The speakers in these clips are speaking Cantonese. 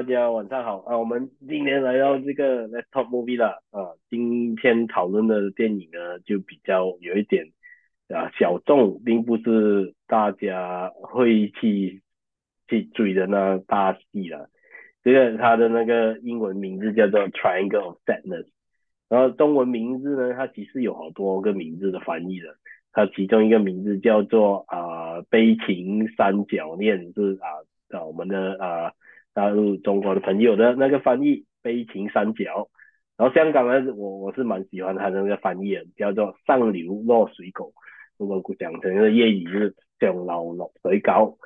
大家晚上好啊，我們今天來到這個 Let's Talk Movie 啦，啊，今天討論的電影呢就比較有一點啊小眾，並不是大家會去去追的那大戲啦。這個它的那個英文名字叫做 Triangle of Sadness，然後中文名字呢，它其實有好多個名字的翻譯的，它其中一個名字叫做啊悲情三角戀，是啊，啊我們的啊。大陸、啊嗯、中國的朋友的那個翻譯悲情三角，然後香港呢，我我是蠻喜歡他的那個翻譯，叫做上流落水狗，如果講成是粵語就是講老老水狗，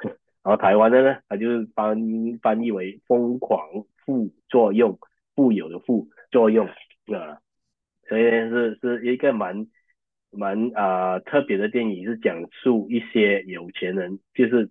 然後台灣的呢，它就是翻翻譯為瘋狂富作用，富有的富作用啊、呃，所以是是一個蠻蠻啊、呃、特別的電影，是講述一些有錢人，就是。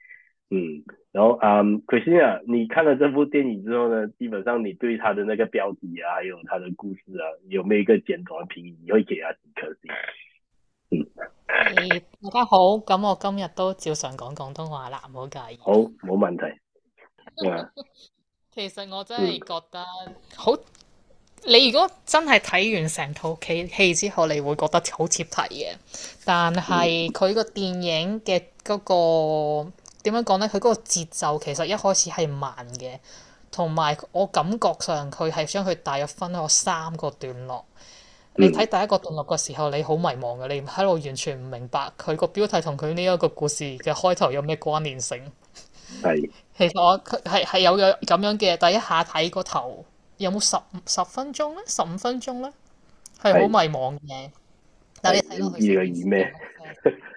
嗯，然後啊 k r 啊，um, 你看了這部電影之後呢，基本上你對他的那個標題啊，還有他的故事啊，有沒有一個簡短片，可以記下 k r i s 嗯，大家好，咁我今日都照常講廣東話啦，唔好介意。好，冇問題。 其實我真係覺得 好，你如果真係睇完成套劇戲之後，你會覺得好貼題嘅，但係佢個電影嘅嗰、那個。點樣講呢？佢嗰個節奏其實一開始係慢嘅，同埋我感覺上佢係將佢大約分咗三個段落。你睇第一個段落嘅時候，你好迷茫嘅，你喺度完全唔明白佢個標題同佢呢一個故事嘅開頭有咩關聯性。係是， 其實我係係有咁樣嘅，第一下睇個頭有冇十十分鐘呢，十五分鐘呢，係好迷茫嘅。是但係你睇到佢咩？是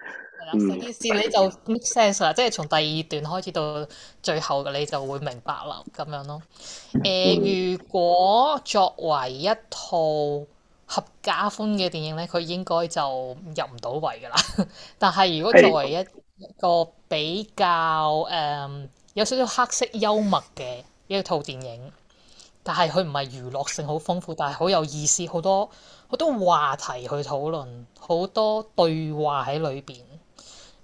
有啲你就 make sense 啦，即係從第二段開始到最後，你就會明白啦，咁樣咯。誒，如果作為一套合家歡嘅電影咧，佢應該就入唔到位噶啦。 但係如果作為一個比較誒、um, 有少少黑色幽默嘅一套電影，但係佢唔係娛樂性好豐富，但係好有意思，好多好多話題去討論，好多對話喺裏邊。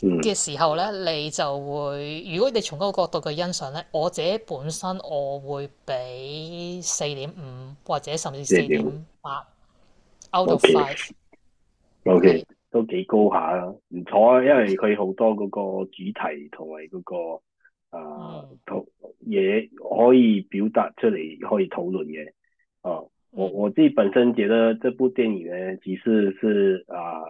嘅、嗯、時候咧，你就會，如果你從嗰個角度去欣賞咧，我自己本身我會俾四點五或者甚至四點八，out of five。OK 都幾高下啦，唔錯啊，因為佢好多嗰個主題同埋嗰個、嗯、啊，嘢可以表達出嚟可以討論嘅。哦、啊，我我自己本身覺得這部電影咧，其實是啊。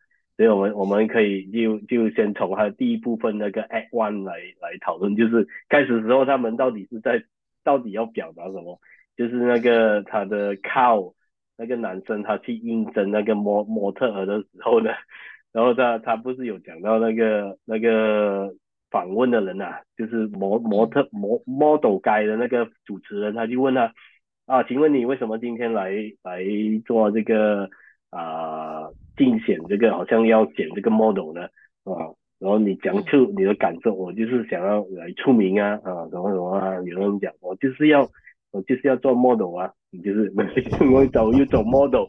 所以，我們我們可以就就先從佢第一部分那個 Act One 來來討論。就是開始的時候，他們到底是在到底要表達什麼？就是那個他的 cow，那個男生，他去應徵那個模模特兒的時候呢，然後他他不是有講到那個那個訪問的人啊，就是模模特模 model guy 的那個主持人，他就問他啊，請問你為什麼今天來來做這個啊？呃競選這個好像要剪這個 model 的，啊，然後你講出你的感受，我就是想要來出名啊，啊，什麼什麼啊，有人講我就是要我就是要做 model 啊，你就是我走？要做 model，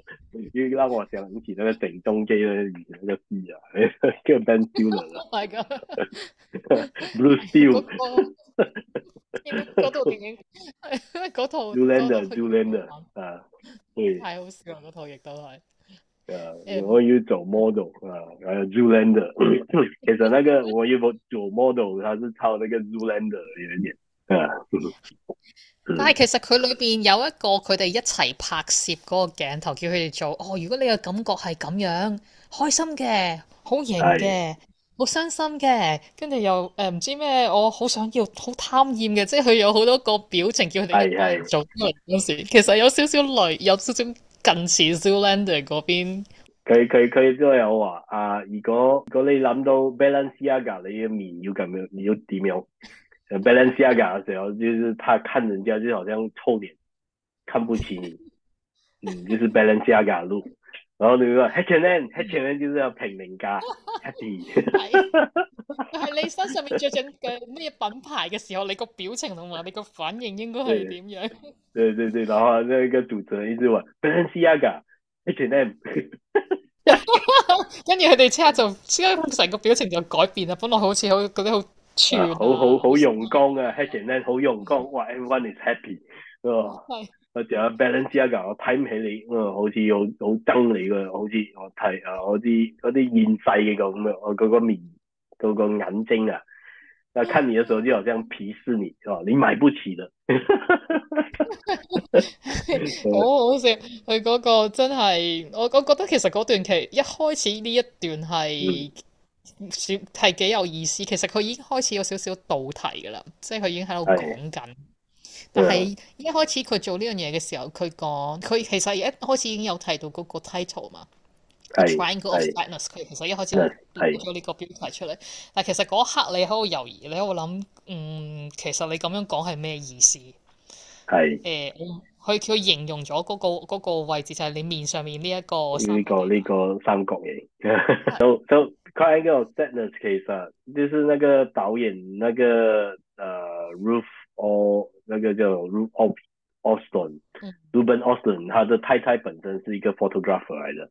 要讓我想起那個肥東街的那個 B 啊，叫 Ben Stiller Oh my god，Blue Steel，嗰套電影，嗰套。Zoolander，Zoolander 啊，對，太、那個 uh, okay. 好笑啦，嗰套亦都係。Uh, 我要做 model 啊，uh, 還 Zoolander。 其實呢個我要做 model，佢係抄呢個 Zoolander 一點點。Uh, 但係其實佢裏邊有一個佢哋一齊拍攝嗰個鏡頭，叫佢哋做哦。如果你嘅感覺係咁樣，開心嘅，好型嘅，好傷的心嘅，跟住又誒唔、呃、知咩，我好想要，好貪厭嘅，即係佢有好多個表情叫佢哋做嗰陣時，的其實有少少累，有少少。近似 Zoolander 嗰邊，佢佢佢都有話啊！如果如果你諗到 Balenciaga，你嘅面要咁樣，你要點樣？Balenciaga 嘅時候，就是怕看人家就好像臭臉，看不起你。嗯，就是 Balenciaga 路，然後你話 Helen，Helen 就是要評人家，happy。但係你身上面着緊嘅咩品牌嘅時候，你個表情同埋你個反應應該係點樣？對對對，然後呢一個主持人就話：Balenciaga，H&M，跟住佢哋即刻就即刻成個表情就改變啦，本來好似好嗰啲好串，好好好陽光啊，H&M 好陽光，哇，Everyone is happy，係，仲有 Balenciaga，我睇唔起你，嗯，好似好好憎你嘅，好似我睇啊，嗰啲嗰啲厭世嘅咁樣，我嗰個面。到個眼睛啊，那看你嘅時候就好像鄙視你，是吧？你買不起了。好 es、哦、好笑，佢嗰個真係，我我覺得其實嗰段劇一開始呢一段係少，係幾、嗯、有意思。其實佢已經開始有少少道題㗎喇，即係佢已經喺度講緊。哎、但係一開始佢做呢樣嘢嘅時候，佢講佢其實一開始已經有提到嗰個 title 嘛。t r i n g of sadness，佢是其實一開始攞咗呢個標題出嚟，是但其實嗰一刻你喺度猶豫，你喺度諗，嗯，其實你咁樣講係咩意思？係是，誒、欸，佢佢形容咗嗰、那個那個位置就係你面上面呢一個呢個呢個三角形。So so triangle of sadness case 啊，就是那個導演那個呃 Ruth or 那個叫 Ruth Austin，Ruth Austin，他、嗯、Austin，的太太本身是一個 photographer 嚟的。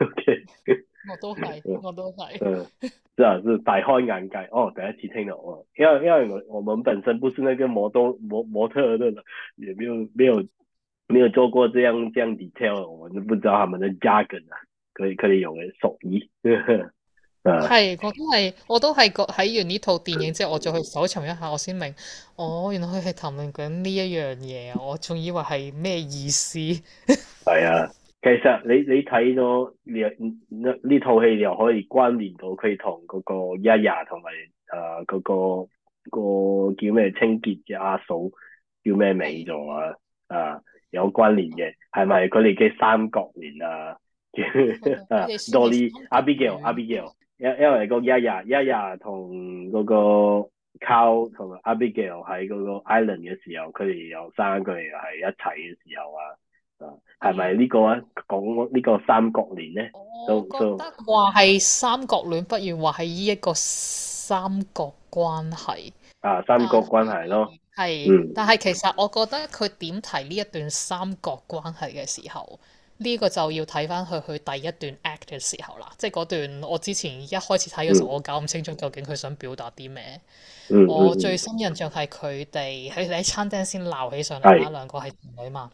O Okay . K，我都係，我都係，嗯、 啊，是大開眼界哦。第一次聽聽到，因為因為我我們本身不是那個模特模模特嗰種，也沒有沒有沒有做過這樣這樣 detail，我就不知道他們的家梗啊，可以可以有嘅，所以，係，我都係，我都係個睇完呢套電影之後，我再去搜尋一下，我先明，哦，原來佢係談論緊呢一樣嘢，我仲以為係咩意思，係 啊。其實你你睇咗兩呢套戲又可以關聯到佢同嗰個 Yaya 同埋啊嗰、呃、個,個叫咩清潔嘅阿嫂叫咩名咗啊？啊有關聯嘅係咪佢哋嘅三角戀啊？啊 Dolly、Abigail、Abigail，因為個 Yaya 同嗰個 cow 同埋 Abigail 喺嗰個 island 嘅時候，佢哋又生佢哋又喺一齊嘅時候啊。係咪呢個啊？講呢個三角戀咧，都覺得話係三角戀，不如話係呢一個三角關係啊，三角關係咯，係、啊，嗯、但係其實我覺得佢點提呢一段三角關係嘅時候，呢、這個就要睇翻佢去第一段 act 嘅時候啦，即係嗰段我之前一開始睇嘅時候，嗯、我搞唔清楚究竟佢想表達啲咩。嗯嗯我最深印象係佢哋喺喺餐廳先鬧起上嚟啦，兩是個係女嘛。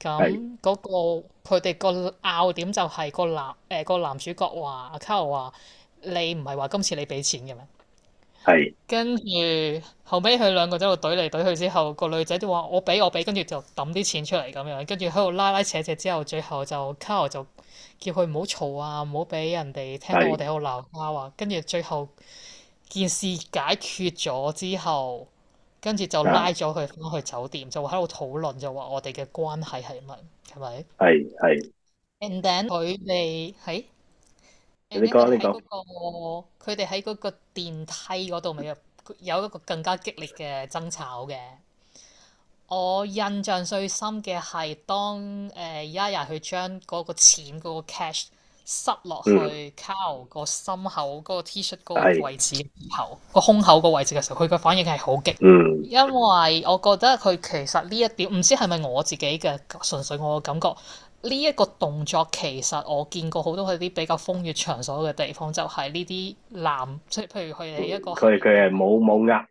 咁嗰、嗯是那個佢哋個拗點就係個男誒、呃那個男主角話阿 Carl 話你唔係話今次你俾錢嘅咩？係是跟住後尾，佢兩個喺度懟嚟懟去之後，個女仔都話我俾我俾，跟住就抌啲錢出嚟咁樣，跟住喺度拉拉扯扯之後，最後就 Carl 就叫佢唔好嘈啊，唔好俾人哋聽到我哋喺度鬧交啊，是跟住最後件事解決咗之後。跟住就拉咗佢翻去酒店，啊、就喺度討論，就話我哋嘅關係係乜，係咪？係係。And then 佢哋喺你講你講嗰個？佢哋喺嗰個電梯嗰度咪有有一個更加激烈嘅爭吵嘅。我印象最深嘅係當誒一日佢將嗰個錢嗰個 cash。塞落去卡、嗯、靠個心口嗰、嗰個 T 恤嗰個位置嘅是時候，個胸口個位置嘅時候，佢個反應係好激，嗯、因為我覺得佢其實呢一點唔知係咪我自己嘅，純粹我嘅感覺。呢一個動作其實我見過好多佢啲比較風月場所嘅地方，就係呢啲男，即係譬如佢哋一個，佢佢係冇冇噏。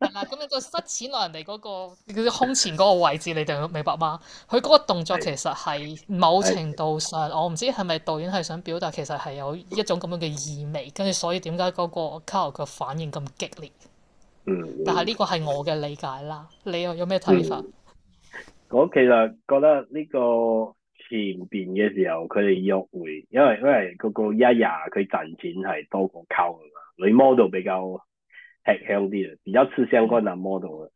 係啦，咁你就塞錢落人哋嗰個佢嘅胸前嗰個位置，你哋明白嗎？佢嗰個動作其實係某程度上，我唔知係咪導演係想表達，其實係有一種咁樣嘅意味，跟住所以點解嗰個卡頭嘅反應咁激烈？嗯。但係呢個係我嘅理解啦，你又有咩睇法？嗯嗯嗯嗯。我其實覺得呢個前邊嘅時候，佢哋約會，因為因為嗰個丫丫佢賺錢係多過佢㗎嘛，女、mm hmm. model 比較吃香啲啊，比較吃香過男 model 啊。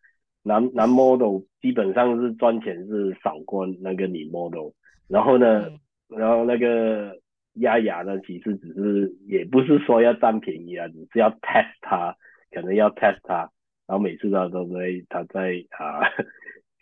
男、mm hmm. 男 model 基本上是賺錢是少過那個女 model。然後呢，mm hmm. 然後那個丫丫呢，其實只是，也不是說要佔便宜啊，只是要 test 他，可能要 test 他。然後每次他都會，他在啊。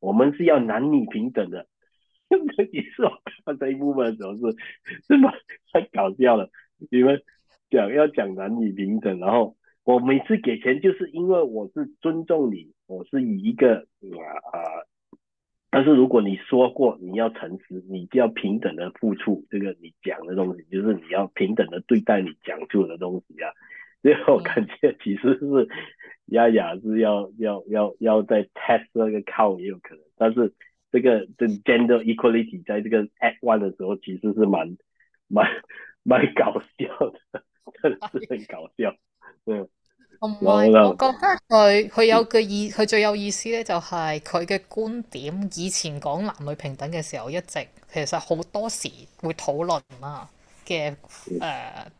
我們是要男女平等的，你說，這一部分總是是嗎？太搞笑了。你們講要講男女平等，然後我每次給錢就是因為我是尊重你，我是以一個啊啊、呃，但是如果你說過你要誠實，你就要平等的付出，這個你講的東西，就是你要平等的對待你講出的東西啊。因為我感覺其實是雅雅是要要要要再 test 那個 count 也有可能，但是這個 t、這個、gender equality 在這個 act one 的時候其實是蠻蠻蠻搞笑的，真係很搞笑。嗯，同埋有我覺得佢佢有個意佢最有意思咧就係佢嘅觀點，以前講男女平等嘅時候，一直其實好多時會討論啊嘅誒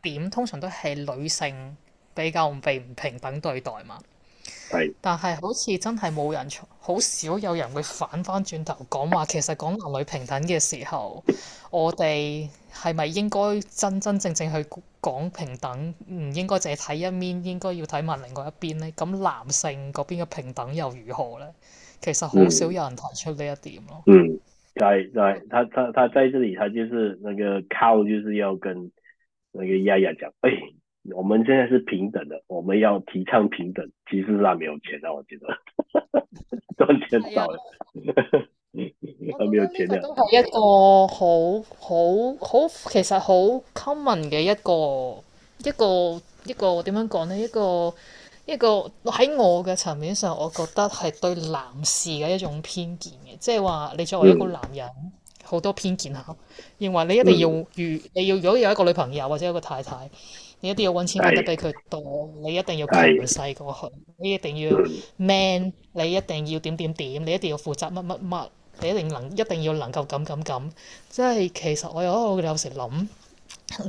點，通常都係女性，比較被唔平等對待嘛，是但係好似真係冇人，好少有人會反翻轉頭講話。其實講男女平等嘅時候，我哋係咪應該真真正正去講平等？唔應該淨係睇一面，應該要睇埋另外一邊呢。咁男性嗰邊嘅平等又如何呢？其實好少有人提出呢一點咯。嗯，就係就係他他他，他他在這裡，他就是那個 c 就是要跟那個丫丫講，哎。我們現在是平等的，我們要提倡平等。其實佢係沒有錢啊，我覺得賺錢 少了，哈哈哈。我覺得呢個都係一個好好好，其實好 common 嘅一個一個一個點樣講呢？一個一個喺我嘅層面上，我覺得係對男士嘅一種偏見嘅，即係話你作為一個男人，好、嗯、多偏見啊，認為你一定要、嗯、如你要如果有一個女朋友或者有一個太太。你一定要搵錢搵得比佢多， 你一定要強勢過去， 你一定要 man， 你一定要點點點，你一定要負責乜乜乜，你一定能一定要能夠咁咁咁。即係其實我有我有時諗，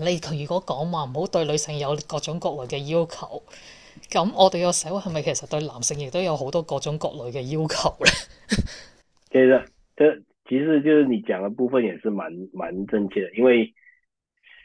你如果講話唔好對女性有各種各類嘅要求，咁我哋個社會係咪其實對男性亦都有好多各種各類嘅要求咧 其實，即係，只就是你講嘅部分也是蠻蠻正確嘅，因為。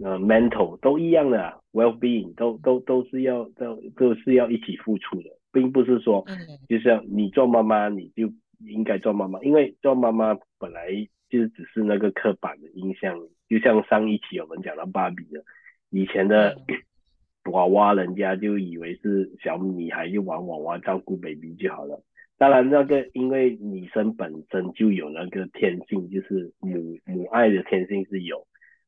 Uh, mental 都一樣的、啊、well-being 都都都是要都都是要一起付出的，並不是說，就像你做媽媽你就應該做媽媽，因為做媽媽本來就只是那個刻板的印象，就像上一期我們講到芭比的以前的、呃、娃娃，人家就以為是小女孩就玩娃娃照顧 baby 就好了，當然那個因為女生本身就有那個天性，就是母母、嗯、愛的天性是有。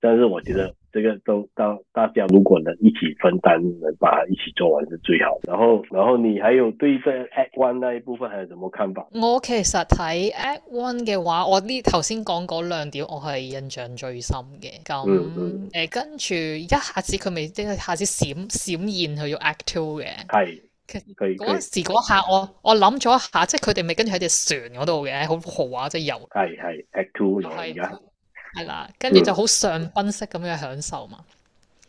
但是我覺得這個都當大家如果能一起分擔，能把它一起做完是最好。然後然後你還有對這 Act One 那一部分係什麼看法？我其實睇 Act One 嘅話，我呢頭先講嗰兩點，我係印象最深嘅。咁、嗯、誒，嗯、跟住一下子佢未即係一下子閃閃現去到 Act Two 嘅，係佢嗰時嗰下我我諗咗一下，即係佢哋未跟住喺隻船嗰度嘅，好豪華即係遊，係係 Act Two 來而家。是 Okay. okay. 係啦，跟住就好上賓式咁樣享受嘛。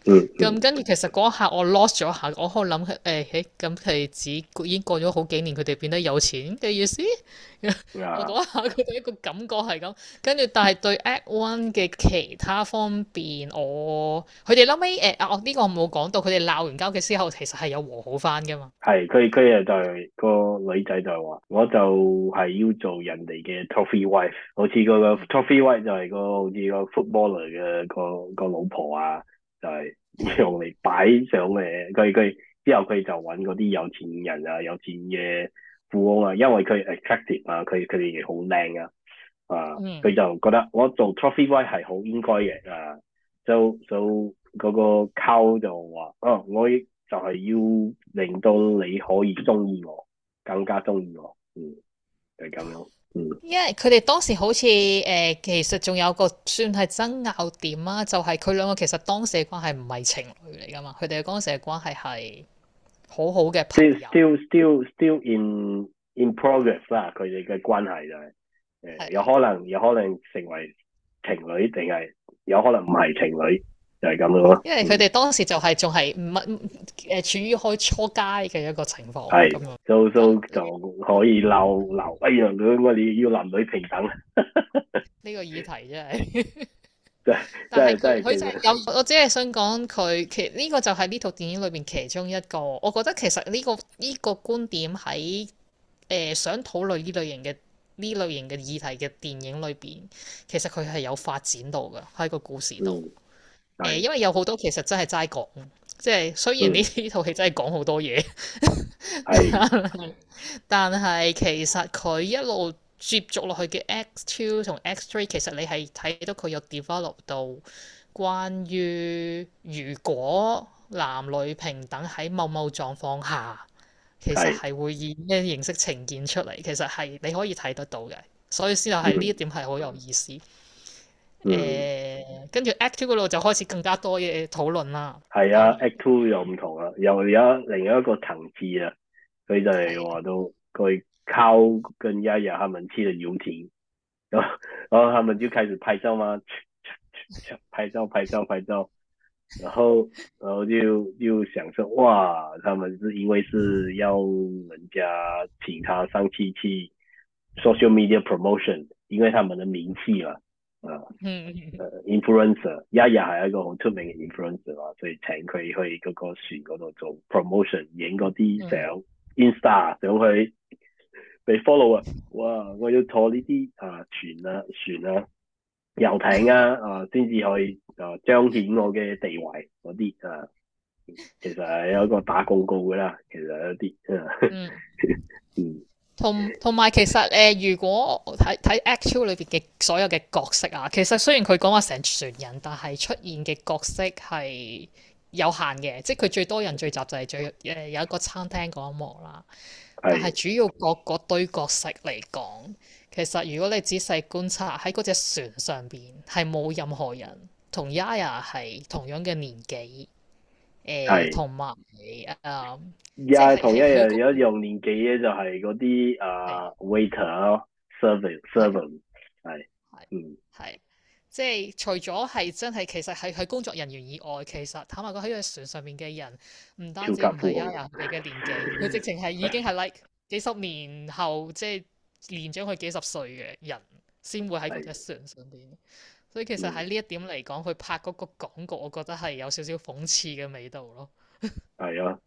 咁、嗯嗯、跟住，其實嗰一下我 lost 咗下，我可諗係誒咁係指已經過咗好幾年，佢哋變得有錢嘅意思。嗰 Yeah. 下佢哋一個感覺係咁。跟住，但係對 Act One 嘅其他方面，我佢哋後屘誒，呃這個、我呢個冇講到，佢哋鬧完交嘅時候其實係有和好翻嘅嘛。係，佢佢又就係個女仔就話，我就係要做人哋嘅 trophy wife，好似嗰個 trophy wife 就係個好似、個 footballer 嘅個個,個,個老婆啊。就係用嚟擺上嘅，佢佢之後佢就搵嗰啲有錢人啊，有錢嘅富翁啊，因為佢 attractive 啊，佢佢哋好靚啊，啊，佢就覺得我做 trophy wife 係好應該嘅啊，就就嗰個 cow 就話，哦、啊，我就係要令到你可以中意我，更加中意我，嗯，就係咁樣。因為佢哋當時好似誒、呃，其實仲有個算係爭拗點啦、啊，就係、是、佢兩個其實當時嘅關係唔係情侶嚟噶嘛，佢哋當時嘅關係係好好嘅。Still, still, still, still in in progress 啦，佢哋嘅關係就係誒，的有可能有可能成為情侶，定係有可能唔係情侶。就係咁咯，因為佢哋當時就係仲係唔乜，誒，處於開初階嘅一個情況。係蘇蘇就可以嬲嬲，哎呀，兩個你要男女平等呢 個議題真係 真係真係佢就咁，我只係想講佢，其實呢個就係呢套電影裏邊其中一個。我覺得其實呢、這個呢、這個觀點喺誒、呃、想討論呢類型嘅呢類型嘅議題嘅電影裏邊，其實佢係有發展到噶喺個故事度。嗯誒，因為有好多其實真係齋講，即係雖然呢呢套戲真係講好多嘢， 但係其實佢一路接續落去嘅 X two 同 X three，其實你係睇到佢有 develop 到關於如果男女平等喺某某狀況下，其實係會以咩形式呈現出嚟，其實係你可以睇得到嘅，所以先係呢一點係好有意思。誒，嗯嗯、跟住 Act Two 嗰度就開始更加多嘢討論啦。係啊、嗯、Act Two 又唔同啦，又有另一一個層次啦。所以就話到佢靠跟亞亞他們坐遊艇，然後然後他們就開始拍照嘛，拍照拍照拍照，拍照，然後然後就又想說，哇，他們是因為是要人家請他上去去 Social Media Promotion，因為他們的名氣啦。啊，誒、uh, influencer，一日係一個好出名嘅 influencer 啦，所以請佢去嗰個船嗰度做 promotion，影嗰啲相，insta 上去被 follow 啊，哇！我要坐呢啲啊船啊船啊遊艇啊啊，先至可以啊彰顯我嘅地位嗰啲啊，其實係有一個打廣告㗎啦，其實有啲啊。 mm hmm. 同同埋其實誒、呃，如果睇睇《Act Two》裏邊嘅所有嘅角色啊，其實雖然佢講話成船人，但係出現嘅角色係有限嘅，即係佢最多人聚集就係最誒、呃、有一個餐廳嗰一幕啦。係。但係主要各各堆角色嚟講，其實如果你仔細觀察喺嗰隻船上邊，係冇任何人同 Yaya 係同樣嘅年紀。係、呃。同埋誒。而係同一樣一樣年紀嘅，就係嗰啲啊 waiter 咯，server，server，係，係、uh，嗯，係，即係除咗係真係，其實係係工作人員以外，其實坦白講喺隻船上面嘅人，唔單止唔係一樣嘅年紀，佢卡 直情係已經係 like 幾十年後，即係年長佢幾十歲嘅人，先會喺隻船上邊。是所以其實喺呢一點嚟講，佢拍嗰個廣告，我覺得係有少少諷刺嘅味道咯。係啊。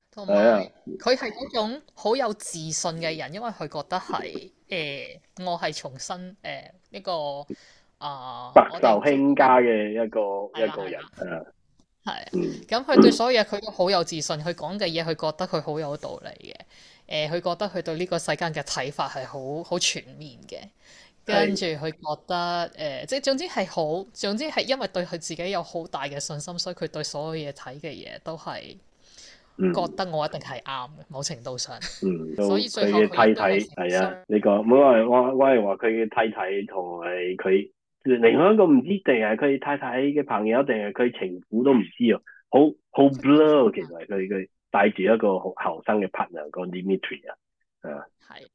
同埋佢係嗰種好有自信嘅人，因為佢覺得係誒、呃，我係重新誒呢個啊白手興家嘅一個一個人係，咁佢對所有嘢，佢都好有自信，佢講嘅嘢佢覺得佢好有道理嘅，誒、呃、佢覺得佢對呢個世間嘅睇法係好好全面嘅，跟住佢覺得誒的、呃、即係總之係好，總之係因為對佢自己有好大嘅信心，所以佢對所有嘢睇嘅嘢都係。覺得我一定係啱嘅，某程度上，所以最後佢嘅太太係啊，呢個唔好話我，我係話佢嘅太太同埋佢另外一個唔知定係佢太太嘅朋友，定係佢情婦都唔知啊，好好 blow 其實佢佢帶住一個後生嘅 partner 個 Dimitri 啊，啊係，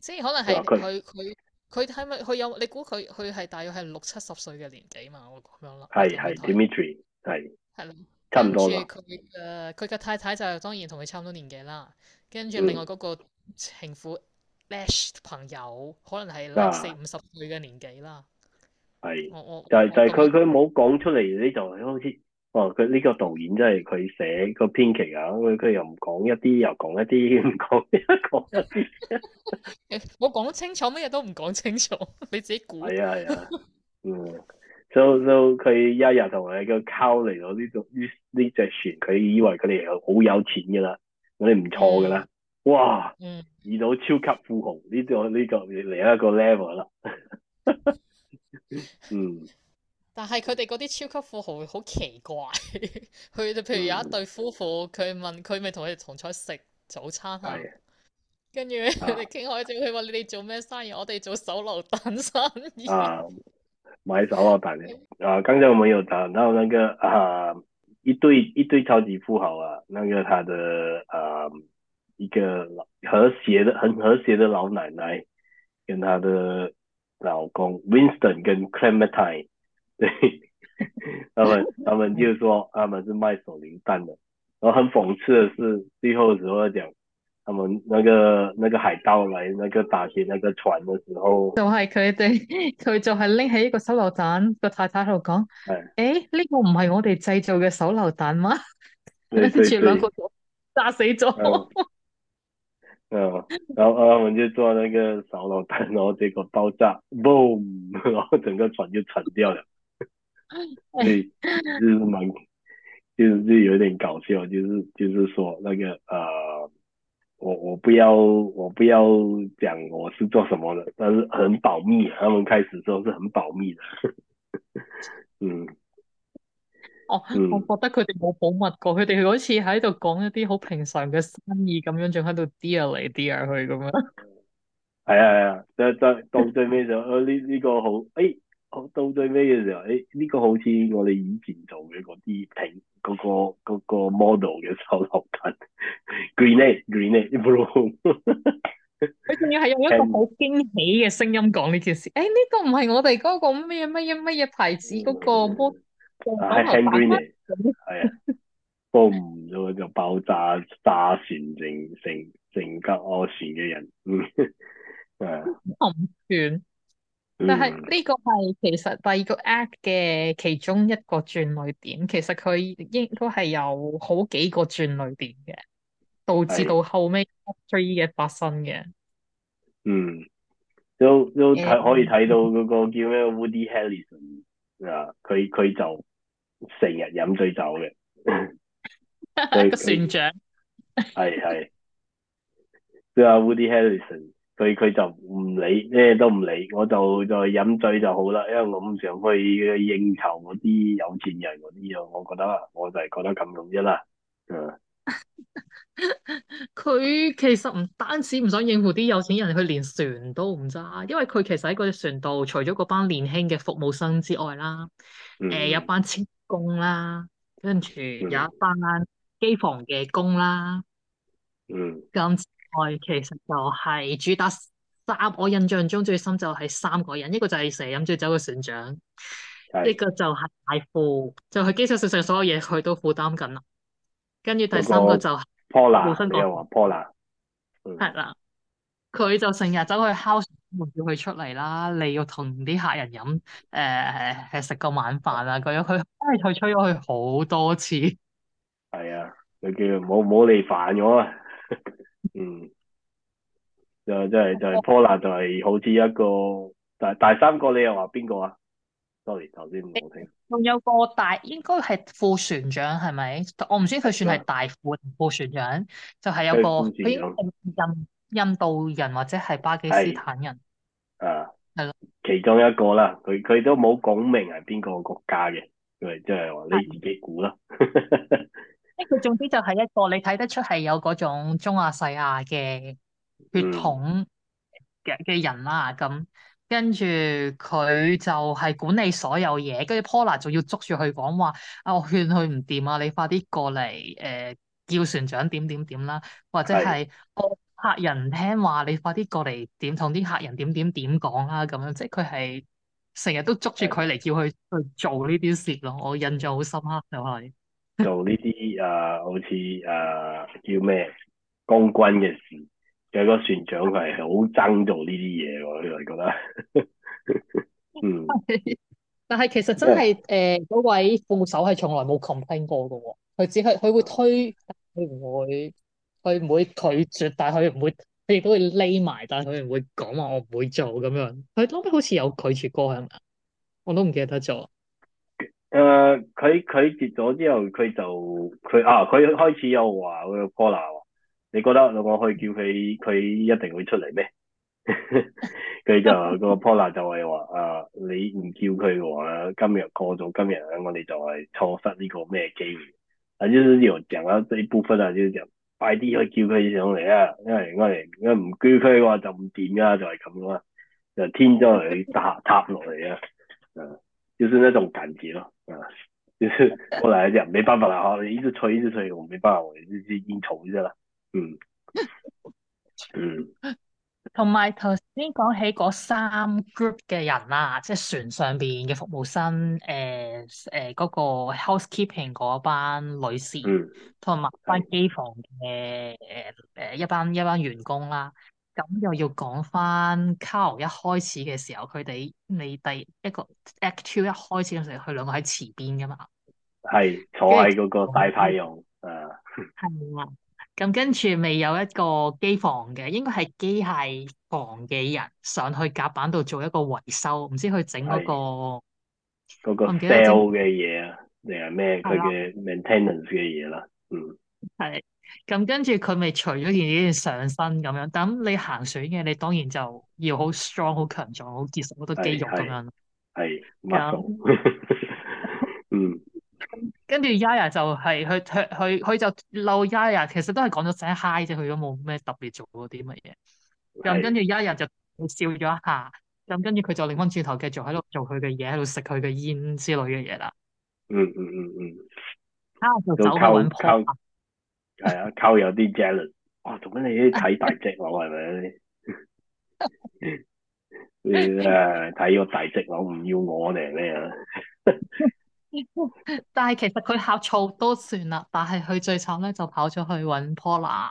即係可能係佢佢佢係咪佢有你估佢佢係大約係六七十歲嘅年紀嘛？我咁樣諗係係 Dimitri 係係咯。差唔多誒，佢嘅太太就當然同佢差唔多年紀啦。跟住另外嗰個情婦、l a s h 朋友，嗯、可能係四五十歲嘅年紀啦。係的、就係，就係就係佢佢冇講出嚟呢度，好似哦，佢呢、這個導演真係佢寫個編劇啊，佢佢又唔講一啲，又講一啲，唔講一一啲。冇 講 清楚，乜嘢都唔講清楚，你自己估的。係啊係啊，嗯 所以所以佢一日同你個溝嚟到呢度呢，呢隻船，佢以為佢哋有好有錢噶啦，我哋唔錯噶啦，嗯、哇！嗯，遇到超級富豪呢、這個呢、這個嚟一個 level 啦。 嗯，但係佢哋嗰啲超級富豪好奇怪，佢哋譬如有一對夫婦，佢、嗯、問佢咪同佢哋同桌食早餐的啊，跟住佢哋傾開之後佢話，你哋做咩生意？我哋做手榴彈生意。啊賣手榴彈的，啊，剛才我們有談到那個啊，一對一對超級富豪啊，那個他的啊一個老和諧的很和諧的老奶奶，跟她的老公 Winston 跟 Clementine 對， 他們他們就說他們是賣手榴彈的，然後很諷刺的是最後的時候講。他們那個那個海盜來那個打劫那個船的時候，就係佢哋，佢就係拎起一個手榴彈，個太太就講，誒呢，哎欸呢個唔係我哋製造嘅手榴彈嗎？跟住兩個炸死咗。誒， 嗯嗯，然後我們，嗯，就做那個手榴彈，然後結果爆炸 boom 然後整個船就沉掉了。所 以 就是蠻，就是有點搞笑，就是就是說那個誒。呃我我不要我不要講我是做什麼的，但是很保密，他們開始時候是很保密的。 嗯，我、哦嗯、我覺得佢哋冇保密過，佢哋好似喺度講一啲好平常嘅生意咁樣，仲喺度 d e 嚟 d e 去咁啊。係啊係啊，就就到最尾就呢呢個好誒。這個到最尾嘅時候，誒呢個好似我哋以前做嘅嗰啲平嗰個 model 嘅手榴彈 grenade grenade boom！佢仲要係用一個好驚喜嘅聲音講呢件事，誒呢個唔係我哋嗰個咩嘢咩嘢咩嘢牌子嗰個 model 啊 boom！咁爆炸炸船，成成成架惡船嘅人，係啊，好但係呢個係其實第二個 Act 嘅其中一個轉捩點，其實佢應都係有好幾個轉捩點嘅，導致到後尾 Act Three 嘅發生嘅。嗯，都都睇可以睇到嗰個叫咩 Woody Harrelson 啊，佢佢就成日飲醉酒嘅，個船長係係，就係 Woody Harrelson 佢佢就唔理，咩、欸、都唔理，我就就飲醉就好啦。因為我唔想去應酬嗰啲有錢人嗰啲啊，我覺得我就係覺得咁容易啦。佢、嗯、 其實唔單止唔想應付啲有錢人，佢連船都唔揸，因為佢其實喺嗰隻船度，除咗嗰班年輕嘅服務生之外啦，誒有班清工啦，跟住、呃、有一班機房嘅工啦、嗯，嗯，咁。其實就係主打三，我印象中最深就係三個人，一個就係成日飲醉酒嘅船長，是一個就係大副，就係機上船上所有嘢佢都負擔緊啦。跟住第三個就係 Paula，係啦，佢、嗯、就成日走去敲門叫佢出嚟啦。你要同啲客人飲誒，食、呃、個晚飯啊，咁樣佢真係佢催咗佢好多次。係啊，佢叫唔好你煩我啊！ 嗯，就即係就係 Paula 就係好似一個，但係第三個你又話邊個啊？Sorry，頭先冇聽。仲有個大應該係副船長係咪？我唔知佢算係大副定副船長，就係有個印印度人或者係巴基斯坦人。啊，係咯的，其中一個啦，佢佢都冇講明係邊個國家嘅，佢即係話你自己估啦。即佢，總之就係一個你睇得出係有嗰種中亞細亞嘅血統嘅嘅人啦。咁、嗯、跟住佢就係管理所有嘢，跟住 Paula 仲要捉住佢講話啊！我勸佢唔掂啊，你快啲過嚟誒、呃、叫船長點點點啦，或者係我是客人聽話，你快啲過嚟點同啲客人點點點講啦。咁樣即係佢係成日都捉住佢嚟叫佢去做呢啲事咯。我印象好深刻就係、是。做呢啲啊，好似啊叫咩，公軍嘅事，有個船長係好憎做呢啲嘢喎，我以為你覺得？嗯， 但係其實真係誒，嗰 Yeah.、呃、位副手係從來冇 complain 過嘅喎，佢只係佢會推，佢唔會，佢唔會拒絕，但係佢唔會，佢亦都會匿埋，但係佢唔會講話我唔會做咁樣。佢當好似有拒絕過係咪？我都唔記得咗。誒佢佢拒絕咗之後，佢就佢啊，佢開始又話個 Paula 你覺得我可以叫佢，佢一定會出嚟咩？佢 就、嗰個 Paula 就係話啊，你唔叫佢嘅話，今日過咗今日咧，我哋就係錯失呢個咩機會。係、就、於是又講啊，呢一部分啊，就是、快啲去叫佢上嚟啊，因為我哋如果唔叫佢嘅話，就唔掂噶，就係咁啦，就天將嚟打塌落嚟啊，就是那種感覺咯，啊，就是後來講，沒辦法啦，哈、啊，一直催，一直催，我沒辦法，我就去應酬一下啦，嗯，同埋頭先講起嗰三 group 嘅人啦、啊，即係船上邊嘅服務生，誒誒嗰個 housekeeping 嗰班女士，同埋班機房嘅誒誒一班一班員工啦、啊。咁又要講返 Carl 一開始嘅時候，佢哋未第一個，個 Act Two 一開始嘅時候，佢兩個喺池邊噶嘛，係坐喺嗰個大太陽誒。係啦、嗯，咁跟住未有一個機房嘅，應該係機械房嘅人上去甲板度做一個維修，唔知去整嗰、那個嗰、嗰個 cell 嘅嘢啊，定係咩？佢嘅的 maintenance 嘅嘢啦，嗯。係。咁跟住佢咪除咗件呢件上身咁樣，咁你行船嘅你當然就要好 strong 很、好強壯、好結實、好多肌肉咁樣。係。嗯。 嗯，跟住 Yaya 就係去佢，佢就嬲 Yaya，其實都係講咗聲「嗨」，啫，佢都冇咩特別做嗰啲乜嘢。咁是跟住 Yaya 就笑咗一下，咁跟住佢就擰翻轉頭繼續喺度做佢嘅嘢，喺度食佢嘅煙之類嘅嘢啦。嗯嗯嗯嗯。啊、嗯！ 就走去搵破。係啊，溝有啲 jealous。哇，做乜的你啲睇大隻佬係咪？你誒睇個大隻佬唔要我嚟咩啊？但係其實佢呷醋都算啦，但係佢最慘咧就跑咗去揾 Paula，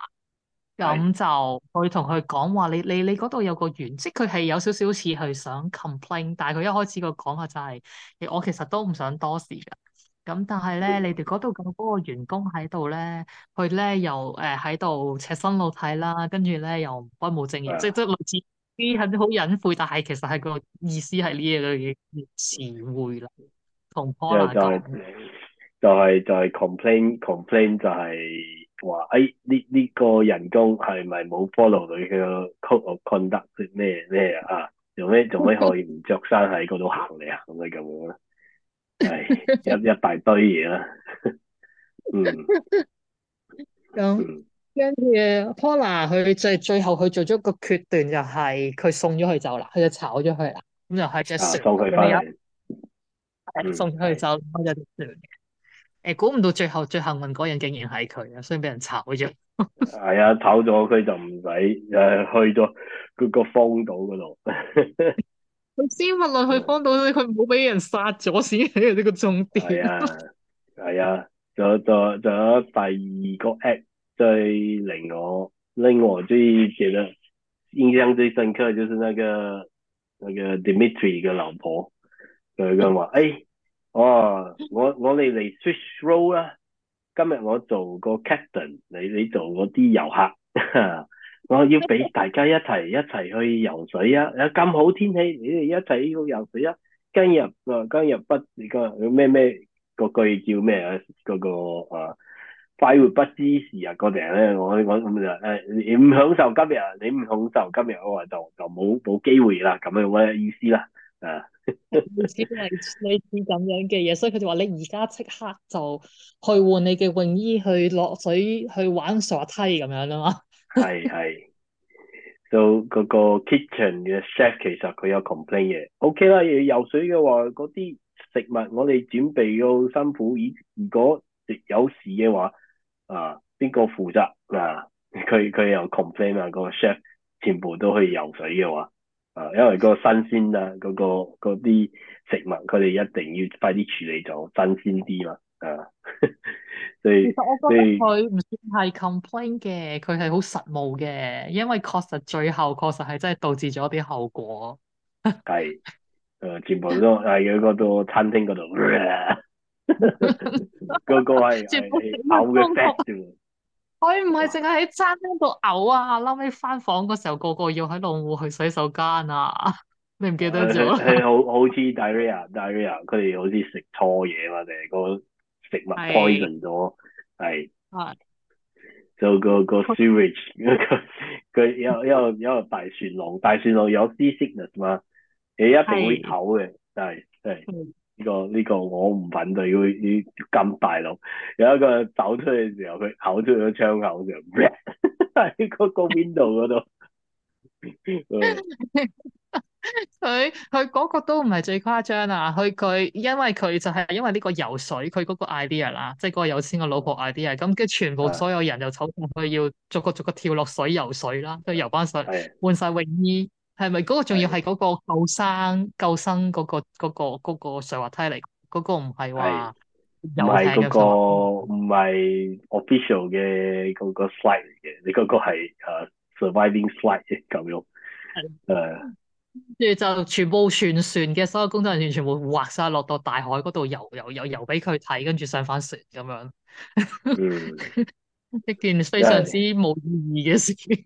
咁就去同佢講話，你你你嗰度有個原則，佢係有少少似去想 complain，但係佢一開始個講法就係、是、我其實都唔想多事噶。咁但係咧，你哋嗰度咁多員工喺度咧，佢咧又誒喺度赤身露體啦，跟住咧又不務正業，啊、即即類似啲係咪好隱晦？但係其實係個意思係呢樣嘅詞彙啦，同 follow 就係、是、就係、是、就係 complain complain 就係話誒呢呢個人工係咪冇 follow 佢嘅 code of conduct 咩咩啊？做咩做咩可以唔着衫喺嗰度行嚟啊？咁嘅咁樣。係 一一大堆嘢啦，嗯，咁跟住 Paula 佢就係最後佢做咗個決斷，就係佢送咗佢走啦，佢就炒咗佢啦，咁就係 Justine 送佢翻嚟，送佢 走我就誒，估唔、嗯、到最後最幸運嗰人竟然係佢啊，所以俾人炒咗，係啊、哎，炒咗佢就唔使誒去咗嗰個荒島嗰度。 佢先落去幫到佢，佢唔好俾人殺咗先係呢個重點。係啊，係啊，仲有仲仲有，有第二個 act 最令我令我最記得印象最深刻，就是那個那個 Dimitri 嘅老婆，佢佢話： 哎，哦，我我哋嚟 Swissroll 啦、啊，今日我做個 captain，你你做嗰啲遊客。 我要俾大家一齊一齊去游水啊！有咁好天氣，你哋一齊去游水啊！今日、那個、啊，今日不知個咩咩句叫咩啊？嗰個啊快活不知時啊，嗰啲人咧，我我咁就誒，唔享受今日，你唔享受今日嘅話，就就冇冇機會啦，咁樣嘅意思啦，啊！類似類似咁樣嘅嘢，所以佢就話你而家即刻就去換你嘅泳衣，去落水去玩索梯咁樣啊嘛～係係，就以嗰個 kitchen 嘅 chef 其實佢有 complain 嘅。OK 啦，要游水嘅話，嗰啲食物我哋準備都辛苦，而如果有事嘅話，啊邊、啊邊個負責嗱？佢佢又 complain 啊個 chef，全部都去游水嘅話，啊因為個新鮮啊，嗰、嗰個嗰啲食物佢哋一定要快啲處理咗，新鮮啲嘛。誒，即係 以，其實我覺得佢唔算係 complain 嘅，佢係好實務嘅，因為確實最後確實係真係導致咗啲後果。係，誒、呃，全部都係喺 嗰個餐廳嗰度，個係嘔嘅。佢唔係淨係喺餐廳度嘔啊，後尾翻房嗰時候個個要喺農戶去洗手間啊，你唔記得咗？係 好好似 diarrhea，diarrhea，佢哋好似食錯嘢啦，定、那個。食物 poison 咗，係是，所以、so, 啊、個個 sewage 佢佢有有有個大船浪，大船浪有 sea sickness 嘛，你一,一定會嘔嘅，就係係呢個呢個我唔憤就要咁大路，有一個走出嘅時候，佢嘔出個窗口嘅，喺嗰 個，個 window 嗰度。 是 佢佢嗰個都唔係最誇張啊！佢佢因為佢就係因為呢個游水佢嗰個 idea 啦，即係嗰個有錢嘅老婆 idea，咁跟住全部所有人又抽上去要逐個逐個跳落水游水啦，去 Yeah. 游翻水，換晒泳衣，係咪嗰個仲要係嗰個救生 Yeah. 救生嗰、嗰個、嗰個、嗰個上、嗰個、滑梯嚟？嗰、嗰個唔係話又係嗰個唔係 official 嘅嗰個 slide 嚟嘅，你、嗰、嗰個係誒、uh, surviving slide 咁樣誒。Uh, yeah. 跟住就全部船船嘅所有工作人員全部划晒落到大海嗰度游游游游俾佢睇，跟住上返船咁樣， 一件非常之冇意義嘅事。係、嗯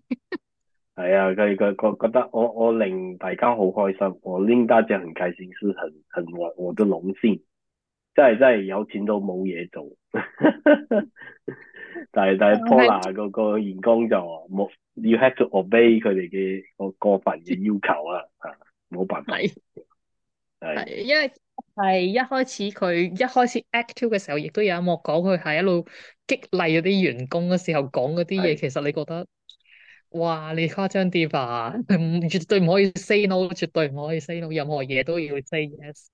嗯嗯嗯、啊，佢佢覺覺得我我令大家好開心，我令大家很開心，很開心是很很我我都榮幸。真係真係有錢都冇嘢做。 但係但係 p a u l a r 個個員工就冇要 have to obey 佢哋嘅個個法律要求是啊，嚇冇辦法。係是，因為係一開始佢一開始 a c t t v e 嘅時候，亦都有一幕講佢係一路激勵嗰啲員工嘅時候講嗰啲嘢。是其實你覺得哇你誇張啲吧？唔 絕對唔可以 say no，絕對唔可以 say no，任何嘢都要 say yes。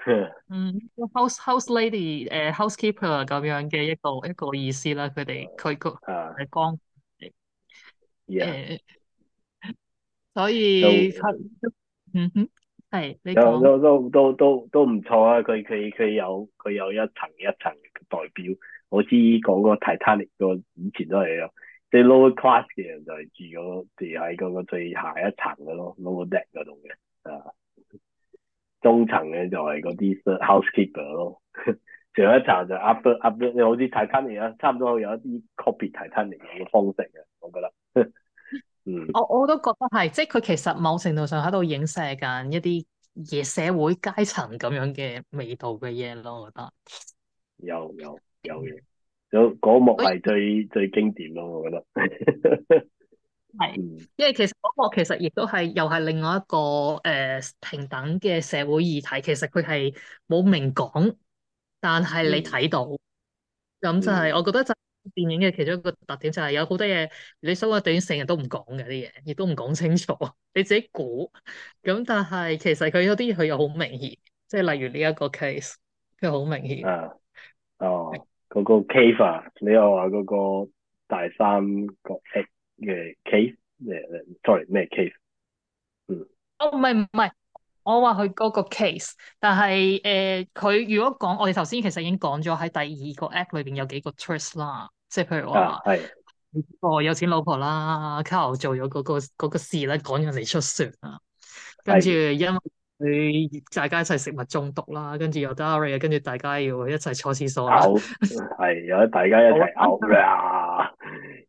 嗯，house house lady，誒、呃、，housekeeper 咁樣嘅一個一個意思啦。佢哋佢個係江嘅，呃、Yeah. 所以 嗯哼，係你講都都都都都唔錯啊！佢佢佢有佢有一層一層代表。我知講個 Titanic 個以前都係啊。即係 lower class 嘅人就住咗住喺嗰個最下一層嘅咯，lower deck 嗰度嘅啊。中層嘅就係嗰啲 housekeeper 咯，上一層就 upper upper 你好似 Titanic 差唔多有一啲 copy Titanic 嘅方式嘅，我覺得。嗯，我，我我都覺得係，即係佢其實某程度上喺度影射緊一啲嘢社會階層咁樣嘅味道嘅嘢咯，我覺得有。有有有嘅，有嗰幕係最、欸、最經典咯，我覺得。係，因為其實。我其實亦都係，又係另外一個誒、呃、平等嘅社會議題。其實佢係冇明講，但係你睇到咁、嗯、就係、是，嗯、我覺得就電影嘅其中一個特點就係有好多嘢，你想話對於成日都唔講嘅啲嘢，亦都唔講清楚，你自己估。咁但係其實佢有啲佢又好明顯，即係例如呢一個 case，佢好明顯。啊，哦，嗰、那個 cave 你又話嗰個大三角 A 嘅 case。誒 sorry 咩 case？嗯，哦、oh,，唔係唔係，我話佢嗰個 case，但係誒，佢、呃、如果講，我哋頭先其實已經講咗喺第二個 app 裏邊有幾個 choice 啦，即、就、係、是、譬如話，係個、ah, yes. 哦、有錢老婆啦 Carol 做咗嗰、那個、那個事咧，趕人哋出船啊，跟住因佢大家一齊食物中毒啦，跟住又 dirty，跟住大家要一齊坐廁所啦。嘔，係大家一齊嘔嘅啊！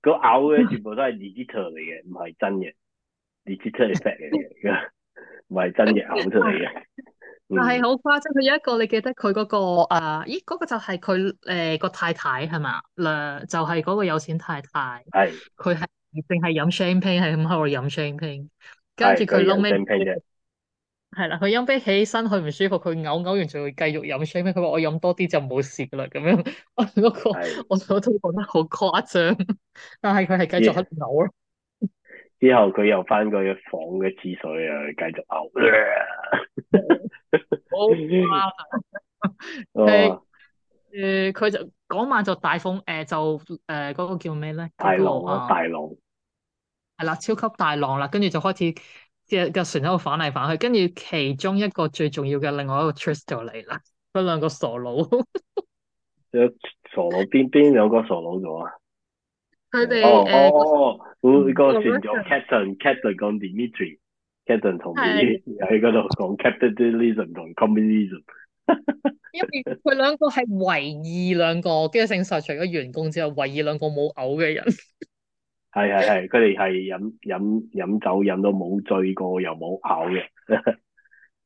個嘔嘅全部都係 digital 嚟嘅，唔係真嘅。digital 係 fake 嚟嘅，唔係真嘅嘔出嚟嘅。但係好誇張，佢有一個你記得佢嗰個誒，咦嗰個就係佢誒個太太係嘛？誒就係嗰個有錢太太。係。佢係淨係飲 champagne，係咁喺度飲 champagne，跟住佢 long 咩？係啦，佢飲啤，起身，佢唔舒服，佢嘔，嘔完就繼，仲會繼續飲水咩？佢話我飲多啲就冇事噶啦，咁樣我嗰個我我都覺得好誇張，但係佢係繼續喺度嘔咯。之後佢又翻個房嘅廁所啊，繼續嘔。好誒，佢就嗰晚就大風誒、呃，就誒嗰、呃那個叫咩咧、那個啊？大浪，大浪，嗯。係啦，超級大浪啦，跟住就開始。嘅嘅船喺度返嚟返去，跟住其中一個最重要嘅，另外一個 twist 就嚟啦。嗰兩個傻佬， 傻佬邊邊兩個傻佬啫啊？佢哋哦哦哦，嗰個船長 Captain，Captain 講 Dimitri，Captain 同你喺嗰度講 Capitalism 同 Communism。 因為佢兩個係唯二兩個，跟住剩曬除咗員工之外，唯二兩個冇嘔嘅人。 係係係，佢哋係飲飲飲酒飲到冇醉過又冇嘔嘅。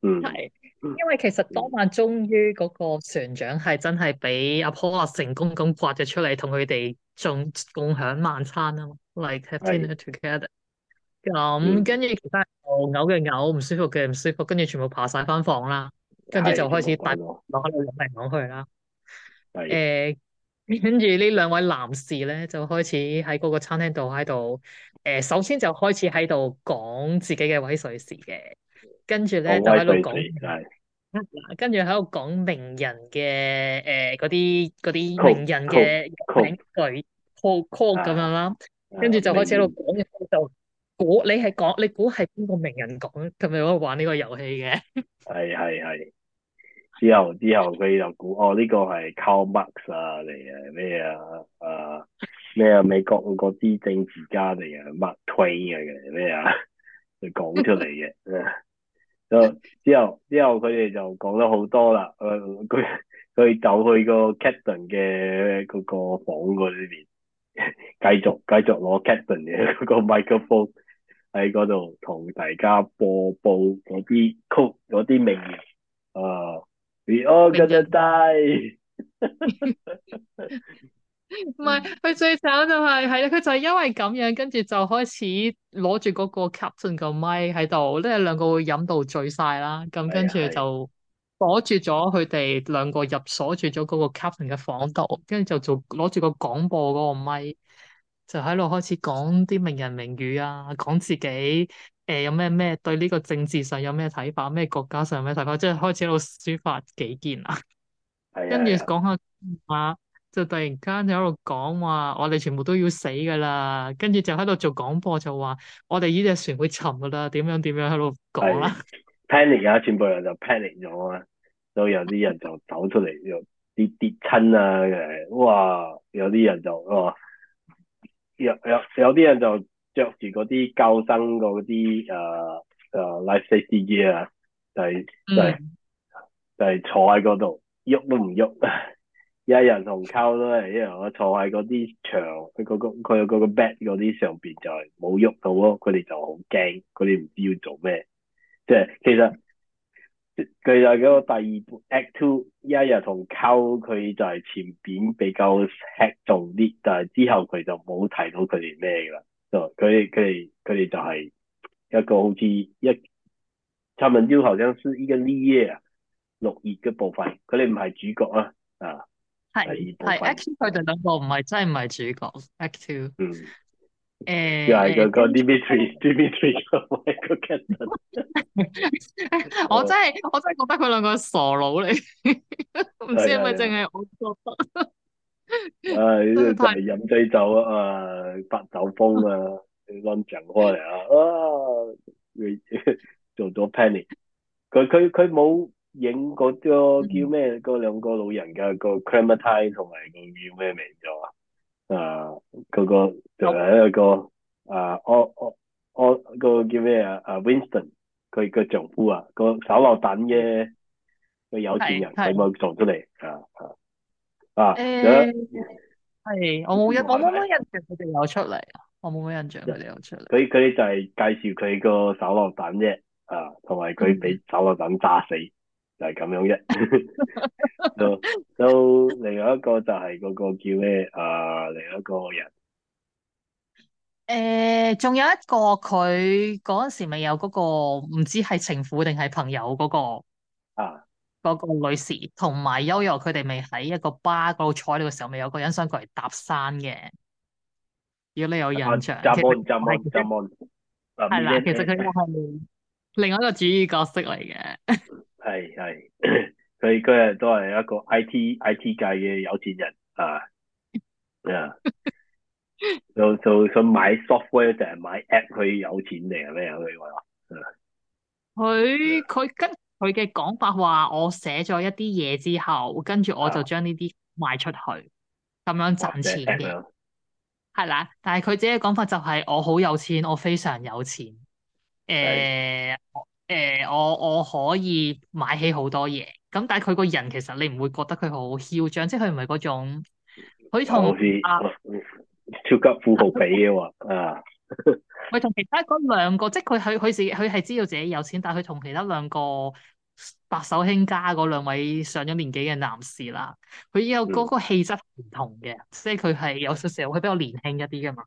嗯，係，因為其實當晚終於嗰個船長係真係俾阿婆阿、啊、成功咁刮咗出嚟，同佢哋仲共享晚餐啊嘛，like have together 咁，跟住其他人嘔嘅嘔，唔舒服嘅唔舒服，跟住全部爬晒返房啦，跟住就開始大講嚟講去啦。係。誒。跟住呢兩位男士咧，就開始喺嗰個餐廳度喺度，誒、呃，首先就開始喺度講自己嘅偉水事嘅，跟住咧就喺度講，跟住喺度講名人嘅，誒、哦，嗰啲啲名人嘅、呃、名句 call call 咁樣啦，啊啊、跟住就開始喺度講嘅，就估、啊、你係講你估係邊個名人講，咁咪玩呢個遊戲嘅。係係係。之後，之後佢就估，哦，呢個係 Karl Marx 啊，嚟嘅咩？啊啊咩？啊美國嗰啲政治家嚟嘅 Mark Twain 啊。嚟嘅咩啊，佢講、啊、出嚟嘅、啊，之後，之後佢哋就講咗好多啦，佢、佢走去個 Captain 嘅嗰個房嗰邊，繼續、繼續攞 Captain 嘅嗰個 Microphone 喺嗰度同大家播報嗰啲曲嗰啲名言 We all gonna die，唔係佢最慘就係，係啦，佢就係因為咁樣，跟住就開始攞住嗰個 captain 個咪喺度，即係兩個會飲到醉晒啦，咁跟住就鎖住咗佢哋兩個入鎖住咗嗰個 captain 嘅房度，跟住就做攞住個廣播嗰個咪，就喺度開始講啲名人名語啊，講自己。誒、欸，有咩咩對呢個政治上有咩睇法，咩國家上有咩睇法，即係開始喺度抒發己見啊。係、哎呀。跟住講下話、哎、呀就突然間就喺度講話，我哋全部都要死噶啦！跟住就喺度做廣播就話，我哋呢隻船會沉噶啦，點樣點樣喺度講啊？panic 啊！全部人就 panic 咗啊，都有啲人就走出嚟就跌跌親啊嘅，哇！有啲人就有有有啲人就。哦着住嗰啲救生嗰啲誒誒 life safety gear 啊、就係 mm. 就係，就係就係就係坐喺嗰度，喐 都唔喐，一日同溝都係一日，我坐喺嗰啲牆佢嗰個佢嗰、嗰個 bed 嗰啲上邊就係冇喐到咯。佢哋就好驚，佢哋唔知要做咩，即、就、係、是、其實其實嗰個第二 Act Two 一日同溝佢就係前邊比較吃重啲，但係之後佢就冇提到佢哋咩㗎啦。So, 就佢佢佢哋就係一個好似一，差唔多，好像是一個 leaf 啊，綠葉嘅部分。佢哋唔係主角啊，啊，係係是。Act Two 佢哋兩個唔係真係唔係主角。Act Two，嗯，誒、欸，又係個、欸、個 Dmitry，Dmitry 同埋個 Captain 我真係我真係覺得佢兩個傻佬嚟，唔 知係咪淨係我覺得。 啊！呢啲就係飲醉酒啊，發酒瘋啊，你攞長開嚟啊，啊，做咗 panic。佢佢佢冇影嗰個叫咩？嗰兩個,個老人嘅個 Clementine 同埋個叫咩名咗啊,啊？啊，佢個就係一個啊，我我我個叫咩啊？啊，Winston，佢個丈夫啊，個手榴彈嘅個有錢人的，佢冇做出嚟啊！啊啊，誒，係，我冇一，我冇乜印象佢哋有出嚟啊，我冇乜印象佢哋有出嚟。佢佢哋就係介紹佢個手榴彈啫，啊，同埋佢俾手榴彈炸死，就係、是、咁樣啫。到到另外一個就係嗰個叫咩啊？另一個人，誒、欸，仲有一個佢嗰陣時咪有嗰、那個唔知係情婦定係朋友嗰、那個啊。嗰個女士同埋悠悠佢哋未喺一個 bar 嗰度坐呢個時候，未有個人想過嚟搭訕嘅。如果你有印象 j 係啦，其實佢係吧另外一個主要角色嚟嘅。係係，佢佢係都係一個 I T I T 界嘅有錢人啊，就、yeah. 就、 so, so, 想買 software 定係買 app，佢有錢嚟啊咩啊佢話，佢佢跟。 佢嘅講法話：我寫咗一啲嘢之後，跟住我就將呢啲賣出去，咁、啊、樣賺錢嘅。係啦，但係佢自己嘅講法就係我好有錢，我非常有錢。誒誒的、欸欸，我我可以買起好多嘢。咁但係佢個人其實你唔會覺得佢好囂張，即係佢唔係嗰種，佢同像、啊、超級富豪比嘅話啊。啊佢同 其他嗰兩個，即係佢佢佢自己，佢係知道自己有錢，但係佢同其他兩個白手興家嗰兩位上咗年紀嘅男士啦，佢有嗰個氣質唔同嘅，即、嗯、所以佢係有少少佢比較年輕一啲噶嘛。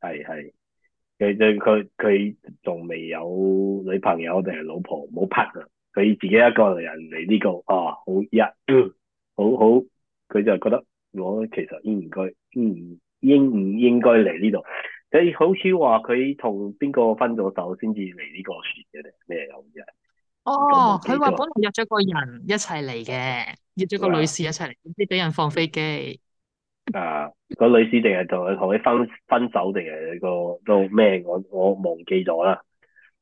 係係佢佢佢仲未有女朋友定係老婆，冇 partner，佢自己一個人嚟呢、這個啊好一好、嗯、好，佢就覺得我其實應唔該應應唔應，應該嚟呢度。你好似話佢同邊個分咗手先至嚟呢個船嘅定咩咁嘅？哦，佢話本來約咗個人一齊嚟嘅，約咗個女士的一齊嚟，點知俾人放飛機。啊，個女士定係同佢同佢分分手定係、個都咩？的我我忘記咗啦，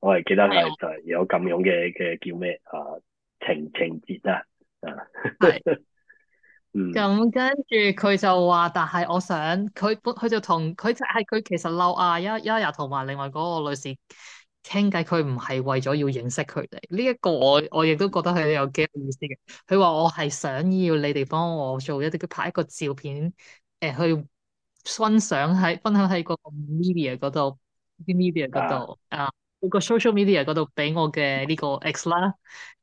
我係記得係的就係有咁樣嘅嘅叫咩啊、呃、情情節啊啊。咁、嗯、跟住佢就話，但係我想佢佢就同佢就係佢其實嬲啊，一因日同埋另外嗰個女士傾偈，佢唔係為咗要認識佢哋。呢、這、一個我我亦都覺得佢有幾有意思嘅。佢話我係想要你哋幫我做一啲拍一個照片，誒、呃、去分享喺分享喺個 media 嗰度，啲 media 嗰度啊。嗯嗯個 social media 嗰度俾我嘅呢個 ex 啦，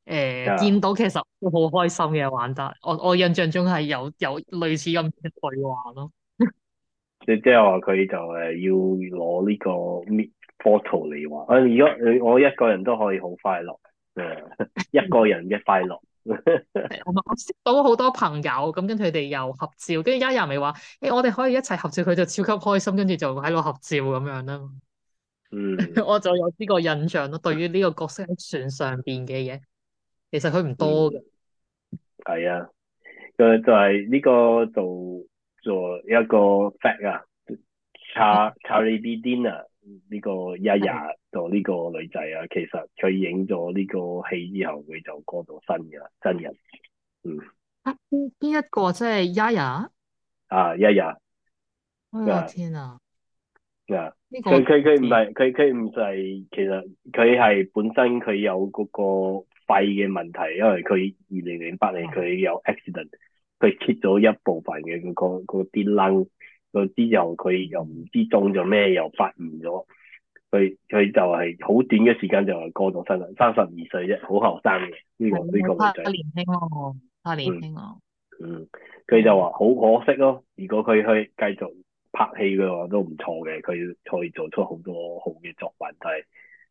誒、呃，的見到其實都好開心嘅，玩得，我我印象中係有有類似咁嘅句話咯。你即係話佢就誒要攞呢個 meet photo 嚟話，啊，如果我一個人都可以好快樂嘅， 一個人嘅快樂。 我識到好多朋友，咁跟佢哋又合照，跟住一日咪話，誒、欸，我哋可以一齊合照，佢就超級開心，跟住就喺度合照咁樣啦。嗯， 我就有呢個印象咯。對於呢個角色喺船上邊嘅嘢，其實佢唔多嘅。係 啊，佢就係、是、呢個做做一個 fact 啊 Charlbi Dean 呢個、y、Yaya 做呢個女仔啊。其實佢影咗呢個戲之後，佢就過到身嘅啦，真人。嗯，邊邊、啊、一個即係 Yaya？啊，Yaya！我天啊！啊！佢佢佢唔係，佢佢唔係，其實佢係本身佢有嗰個肺嘅問題，因為佢二零零八年佢有 accident，佢切咗的一部分嘅嗰個嗰啲 lung，嗰之後佢又唔知中咗咩，又發炎咗，佢佢就係好短嘅時間就過咗身啦，三十二歲啫，好後生嘅呢個呢個女仔，太年輕咯，這個、太年輕咯，嗯，佢、嗯嗯、就話好可惜咯，如果佢去繼續。拍戲嘅話都唔錯嘅，佢可以做出好多好嘅作品，但係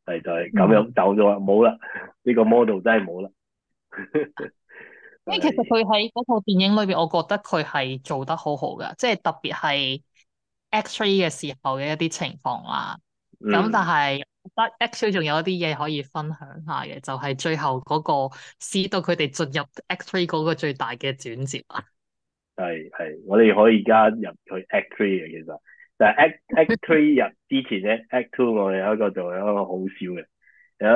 但係就係咁樣走咗，冇啦，嗯，呢、這個 model 真係冇啦。因 為其實佢喺嗰套電影裏邊，我覺得佢係做得好好噶，即係特別係 X Three 嘅時候嘅一啲情況啦。咁、嗯、但係得 X Three 仲有一啲嘢可以分享下嘅，就係、是、最後嗰、那個使到佢哋進入 X Three 嗰個最大嘅轉折啊。係係，我哋可以而家入去 Act Three 嘅，其實，但係 Act Act Three 入之前咧 ，Act Two 我哋有一個就係一個好笑嘅，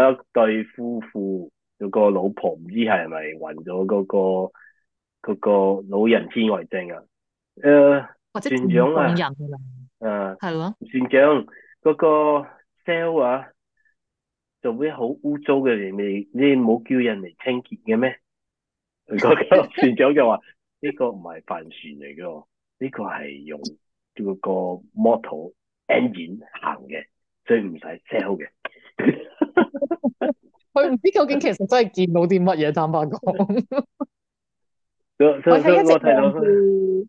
有一對夫婦，有個老婆唔知係咪患咗嗰個、那個老人痴呆症啊？誒，或者船長啊，誒，係咯、uh, 嗎，船長嗰、那個 s e l l 啊，做咩？好污糟嘅，你你冇叫人嚟清潔嘅咩？嗰個船長就話。呢個唔係帆船嚟嘅喎，呢、這個係用嗰個 model engine 行嘅，所以唔使 sell 嘅。佢 唔 知究竟其實真係見到啲乜嘢，坦白講。我睇到佢，講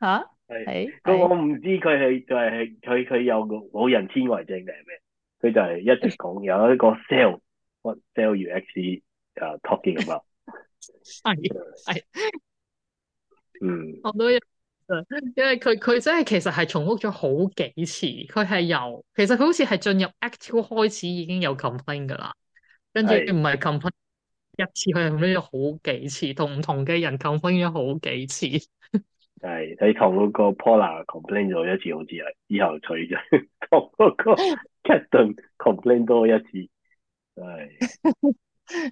嚇，係。我唔知佢係就係係佢佢有冇人纖維症定係咩？佢就係一直講有一個 sell what sell you actually 啊，talking about 嗯，我都 因為佢佢真係其實係重複咗好幾次，佢係由，其實佢好似係進入 Act 2開始已經有 complain 噶啦，跟住唔係 complain 一次，佢係咁樣好幾次，同唔同嘅人 complain 咗好幾次。係， 你同嗰個 Paula complain 咗一次，好似係以後除咗，同嗰個 captain complain 多一次，係，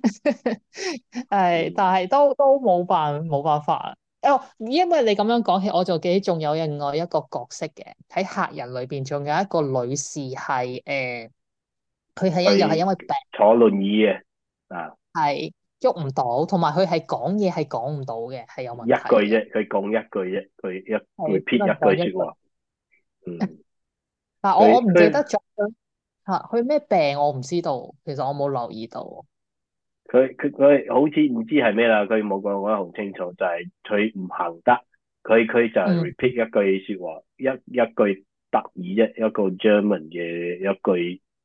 係， 但係都都冇辦冇辦法。哦，因為你咁樣講起，我就記得仲有另外一個角色嘅，喺客人裏邊仲有一個女士係誒，佢係因為病坐輪椅嘅啊，係喐唔到，同埋佢係講嘢係講唔到嘅，係有問題。一句啫，佢講一句啫，佢一佢撇一句說話，嗯，但係我我唔記得咗啦，吓佢咩病我唔知道，其實我冇留意到。佢佢佢好似唔知係咩啦，佢冇講講得好清楚，就係佢唔行得，佢佢就 repeat、嗯、一、一句説話，一一句德語一一個 German 嘅一句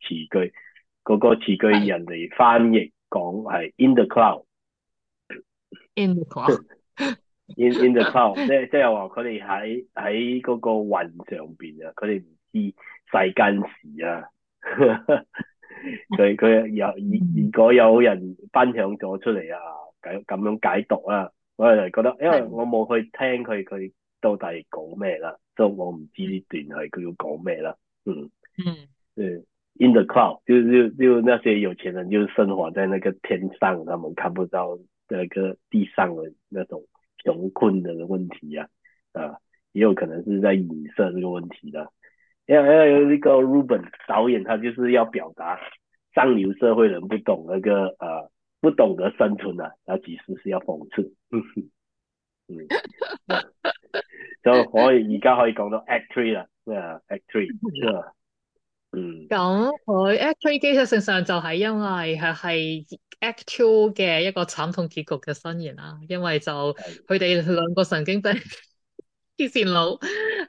詞句，嗰個詞句人哋翻譯講係 in the cloud，in the cloud，in in the cloud，即即係話佢哋喺喺嗰個雲上邊啊，佢哋唔知世間事啊。所以佢有如如果有人分享咗出嚟啊，解咁樣解讀啊，我係覺得，因為我冇去聽佢佢到底講咩啦，所以我唔知呢段係佢要講咩啦。嗯嗯，對，In the cloud，就就就那些有錢人就生活在那個天上，他們看不到那個地上的那種窮困人的問題啊，啊，也有可能是在影射這個問題啦、啊。因為呢個 Ruben 導演，他就是要表達上流社會人不懂那個，啊，不懂得生存啦，那其實是要諷刺。嗯，就可以而家可以講到 Act Three 啦，Act Three，嗯，咁佢 Act Three 基本上就係因為佢係 Act Two 嘅一個慘痛結局嘅伸延啦，因為就佢哋兩個神經病。 啲線路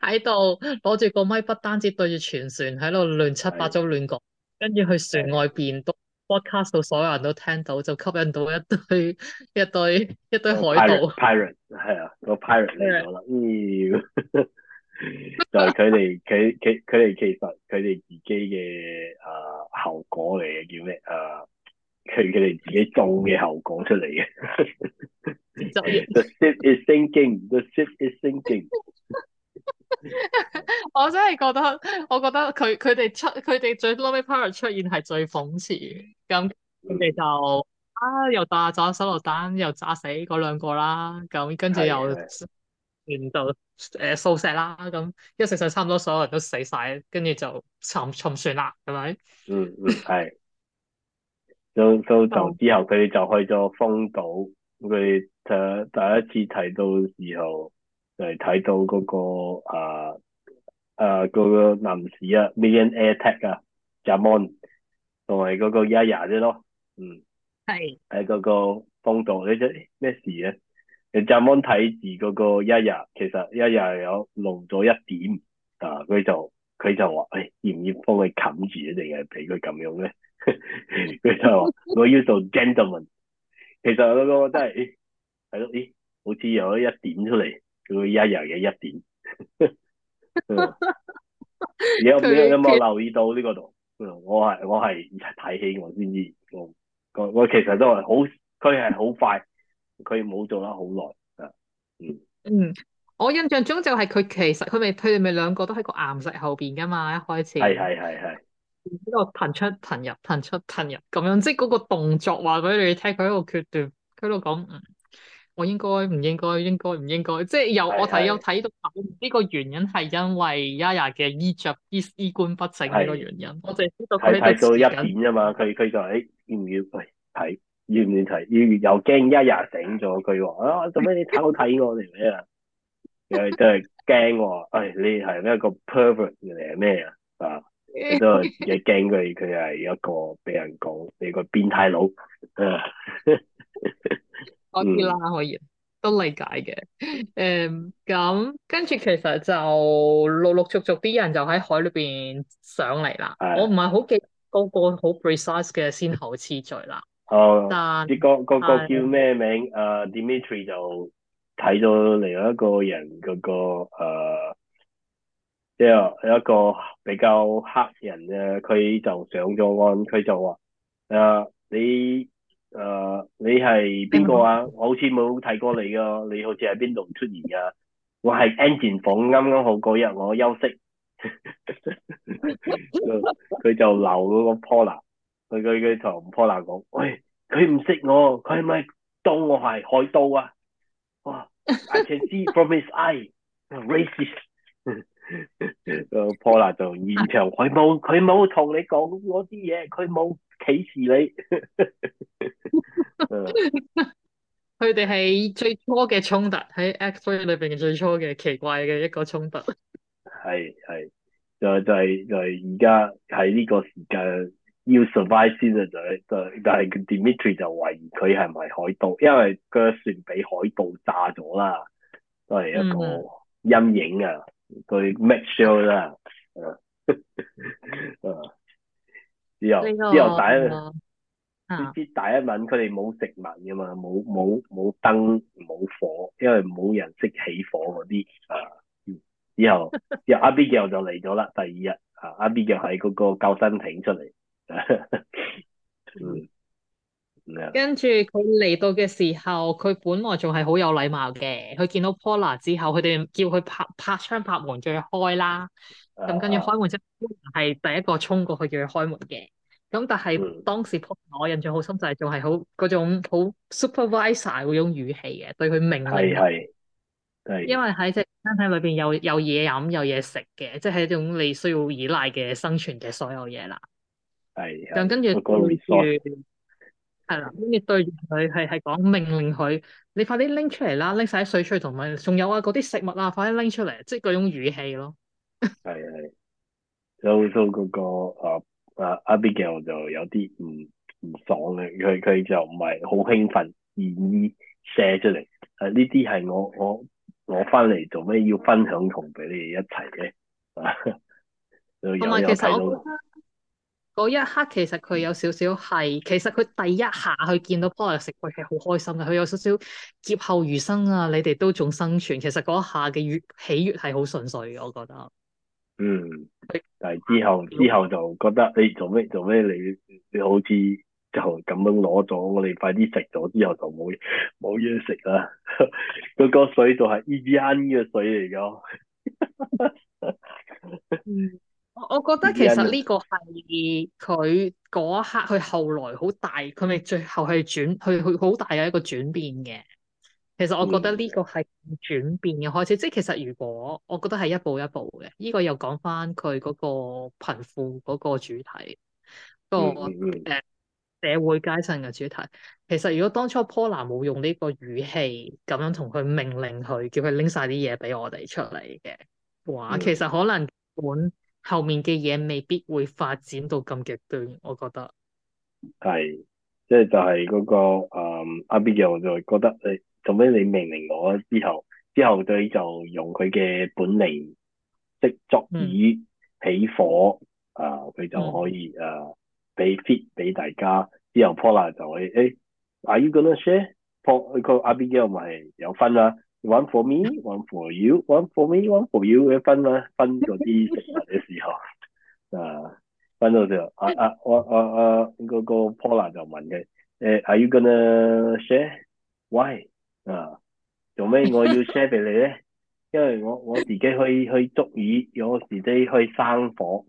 喺度攞住個咪，不單止對住全船喺度亂七八糟亂講，跟住去船外邊 broadcast 到所有人都聽到，就吸引到一堆一堆一堆，一堆海盜 pirate 係啊個 pirate 嚟 Pir 咗啦，那個、的 就係佢哋佢佢佢哋其實佢哋自己嘅誒、呃、後果嚟嘅叫咩誒？呃佢佢哋自己做嘅後果出嚟嘅 就，the ship is sinking，the ship is sinking。 我真係覺得，我覺得佢佢哋出佢哋最後尾 part 出現係最諷刺。咁佢哋就啊，又打炸手榴彈，又炸死嗰兩個啦。咁跟住又完就誒掃、呃、射啦、啊。咁、啊、一石上差唔多，所有人都死晒，跟住就沉沉船啦，係咪？嗯嗯，係。到到就之後，佢哋就去咗荒島。咁佢哋第第一次睇到時候，就係睇到嗰、那個啊啊嗰、那個、男士啊，Million Air Tech 啊，Jamon 同埋嗰個 Yaya 啫咯，嗯是，係喺嗰個荒島，你知咩事啊？你 Jamon 睇住嗰個 Yaya，其實 Yaya 有露咗一點，啊，佢就佢就話：誒、哎，要唔要幫佢冚住定係俾佢咁樣咧？佢 就話：我要做 gentleman。其實兩個真係，係、欸、咯，咦、欸？好似有一點出嚟，佢一樣嘅一點。而 家、嗯、有冇留意到呢、這個度？我係我係睇戲我先知。我我，我，知我，我其實都係好，佢係好快，佢冇做得好耐啊。嗯，嗯，我印象中就係佢其實佢咪佢哋咪兩個都喺個岩石後邊㗎嘛，一開始。係係係係。呢個騰出騰入騰出騰入咁樣，即係嗰個動作話俾你聽，佢喺度決斷，佢喺度講，我應該唔應該，應該唔應該，即係由我睇是是 有睇到，呢個原因係因為 Yaya 嘅衣着衣衣冠不整呢個原因，是 我淨係知道佢喺度入院啫嘛，佢佢就誒要唔要去睇，要唔要睇，哎，要又驚 Yaya 醒咗，佢話啊做咩你偷睇我嚟咩啊？又真係驚我，誒你係一個 pervert 嚟咩啊？啊！ 佢都係，佢驚佢佢係一個俾人講你個變態佬啊！講啦，可以都理解嘅。誒、嗯、咁，跟住其實就陸陸續續啲人就喺海裏邊上嚟啦。的我唔係好記嗰個好 precise 嘅先後次序啦。哦，啲但、呢個個個叫咩名？誒的、uh, Dimitri 就睇咗另外一個人嗰、那個、uh, 即係有一個比較黑人嘅，佢就上咗岸，佢就話：誒、呃、你誒、呃、你係邊個啊？我好似冇睇過你㗎、啊，你好似喺邊度出現㗎、啊？我係 engine 房啱啱好嗰日我休息，佢 就鬧嗰個 Polar，佢佢佢同 Polar 講：喂，佢唔識我，佢係咪當我係海盜啊？哇、oh,！I can see from his eyes racist。 個 Pola 就現場，佢冇佢冇同你講嗰啲嘢，佢冇歧視你。佢哋係最初嘅衝突喺《Xray》裏邊嘅最初嘅奇怪嘅一個衝突。係係 就就係就係而家喺呢個時間要 survive 先啊！就是、但就但係 Dimitri 就懷疑佢係唔係海盜，因為個船俾海盜炸咗啦，都係一個陰影啊。Mm hmm. 佢哋 make show 啦，嗯，嗯，之後之後第一，之之第一晚佢哋冇食物㗎嘛，冇冇冇燈冇火，因為冇人識起火嗰啲啊，之、嗯、後，後阿 B 又就嚟咗啦，第二日啊阿 B 又喺嗰個救生艇出嚟，嗯。跟住佢嚟到嘅時候，佢本來仲係好有禮貌嘅。佢見到 Paula 之後，佢哋叫佢拍拍窗，拍門，再開啦。咁跟住開門即係第一個衝過去叫佢開門嘅。咁但係當時 Paula 我印象好深，就係仲係好嗰種好 supervisor 嗰種語氣嘅，對佢命令。係因為喺只餐廳裏邊有有嘢飲、有嘢食嘅，即係一種你需要依賴嘅生存嘅所有嘢啦。係。咁跟住。係啦，跟住、嗯、對住佢係係講命令佢，你快啲拎出嚟啦，拎晒啲水出去！」同埋仲有啊嗰啲食物啊，快啲拎出嚟，即係嗰種語氣咯。係 係，所以所以嗰個啊啊 Abigail 就有啲唔唔爽嘅，佢佢就唔係好興奮願意 share 出嚟。啊呢啲係我我我攞翻嚟做咩？要分享同俾你哋一齊嘅，因為其實嗰一刻其實佢有少少係，其實佢第一下去見到 Paul 食，佢係好開心嘅。佢有少少劫後餘生啊！你哋都仲生存，其實嗰一下嘅越喜悅係好純粹嘅，我覺得。嗯，但係之後之後就覺得，你做咩做咩？你你好似就咁樣攞咗，我哋快啲食咗之後就冇冇嘢食啦。嗰 個水就係 Evian 嘅水嚟㗎。 我我覺得其實呢個係佢嗰一刻，佢後來好大，佢咪最後係轉，佢佢好大嘅一個轉變嘅。其實我覺得呢個係轉變嘅開始，嗯、即係其實如果我覺得係一步一步嘅，呢、呢個又講翻佢嗰個貧富嗰個主題，嗯、個誒社會階層嘅主題。其實如果當初 Paula 冇用呢個語氣咁樣同佢命令佢，叫佢拎晒啲嘢俾我哋出嚟嘅話，嗯、其實可能本後面嘅嘢未必會發展到咁極端，我覺得。係，即係就係、是、嗰、那個 Abigail，我就覺得誒做咩？哎、你命令我之後，之後佢就用佢嘅本嚟即足以起火，誒佢、嗯啊、就可以誒俾 fit 俾大家。之後 Paula 就誒誒、哎、Are you gonna share？Paul 佢個 Abigail 咪有分啦。one for me, one for you, one for me, one for you，誒，分啦，分咗啲，誒，先 有、啊，啊，分咗之後啊！啊啊，啊啊，嗰、啊、嗰、啊、Paula 就問佢：「誒，Are you gonna share? 喂，啊，做咩我要 share 俾你咧？因為我我自己可以可以捉魚，我自己可以生火。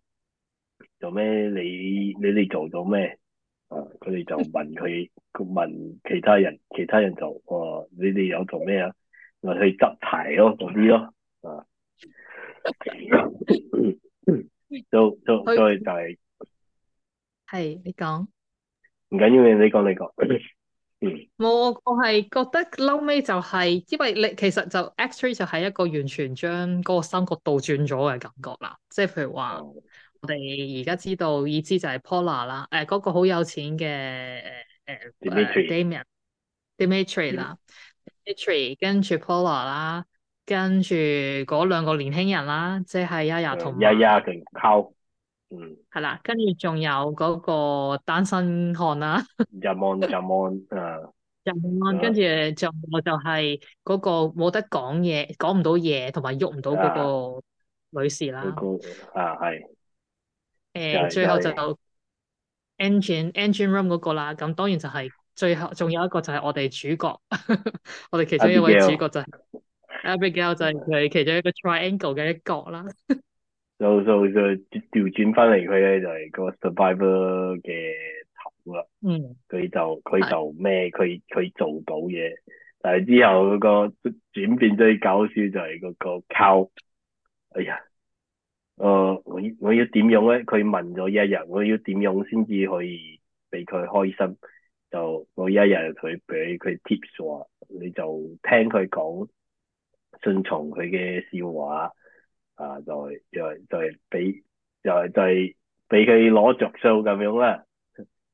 做咩你你哋做咗咩？啊，佢哋就問佢，問其他人，其他人就哦、啊，你哋有做咩啊？咪去執題咯，嗰啲咯，啊、 so, so, so, so, so，都都都係就係，係你講，唔緊要你講你講，冇我我係覺得後尾就係、是，因為你其實就 X Three 就係一個完全將嗰個三角倒轉咗嘅感覺啦，即、就、係、是、譬如話，我哋而家知道已知就係 Polar 啦、呃，誒、那、嗰個好有錢嘅誒誒 Damian，Dmitry 啦。呃 Patri 跟住 Paula 啦，跟住嗰兩個年輕人啦，即係亞亞同埋亞亞仲溝，嗯，係啦，跟住仲有嗰個單身漢啦，Jarmo Jarmo 啊，Jarmo，跟住就我就係嗰個冇得講嘢，講唔到嘢，同埋喐唔到嗰個女士啦，啊係，誒，最後就到 engine engine room 嗰個啦，咁當然就係。最後仲有一個就係我哋主角， 我哋其中一位主角就係、是、Abigail. Abigail，就係佢其中一個 triangle 嘅一角啦 、so, so, so。就就就調轉翻嚟，佢咧就係個 survivor 嘅頭啦。嗯。佢就佢就咩？佢佢做到嘢，但係之後嗰個轉變最搞笑就係嗰個 cow。哎呀！我我我要點樣咧？佢問咗一日，我要點樣先至可以俾佢開心？.就每一日佢俾佢 tips 話，你就聽佢講，順從佢嘅笑話，啊，就就就係俾，就係就係俾佢攞着數咁樣啦，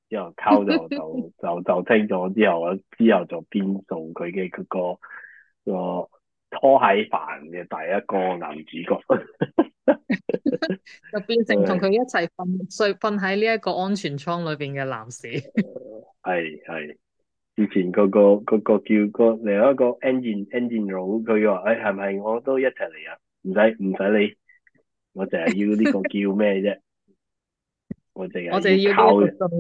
之後溝就就就就，就聽咗之後，之後就變做佢嘅嗰個個。啊。拖鞋扮嘅第一個男主角，就變成同佢一齊瞓睡瞓喺呢一個安全倉裏邊嘅男士。係係，以前嗰個嗰個叫個另外一個 engine engineer 佬，佢話：，誒，係咪我都一齊嚟啊？唔使唔使理你，我淨係要呢個叫咩啫？我淨係我淨要呢個進，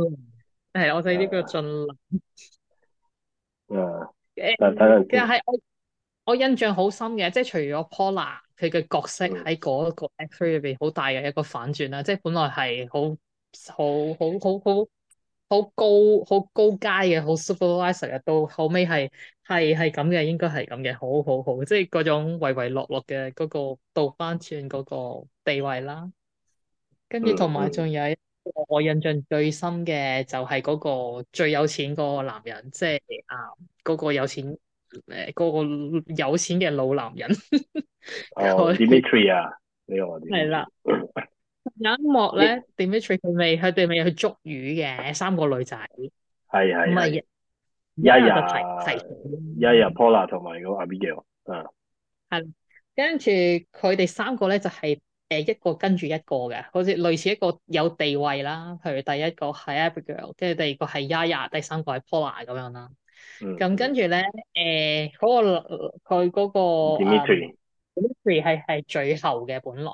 係我睇呢個盡量。啊，但係睇下，其實係。我印象好深嘅，即係除咗 Paula 佢嘅角色喺嗰個 actor 入邊好大嘅一個反轉啦，即係本來係好好好好好好高好高階嘅好 supervisor 嘅,到後尾係係係咁嘅，應該係咁嘅，好好好，即係嗰種唯唯諾諾嘅嗰個倒翻轉嗰個地位啦。跟住同埋仲有,還有我印象最深嘅就係嗰個最有錢嗰個男人，即係啊嗰個有錢。誒，嗰個有錢嘅老男人 、oh, Dimitri 啊，你話係啦， 有一幕咧 Dimitri 佢未，佢哋未去捉魚嘅，三個女仔係係，咪 Yaya，Yaya，Paula 同埋個 Abigail 啊，係 的，跟住佢哋三個咧就係、是、誒一個跟住一個嘅，好似類似一個有地位啦，譬如第一個係 Abigail，跟住第二個係 Yaya，第三個係 Paula 咁樣啦。咁、嗯、跟住咧，誒、呃，那個佢嗰、那個點解斷？係係 it、嗯、最後嘅本來，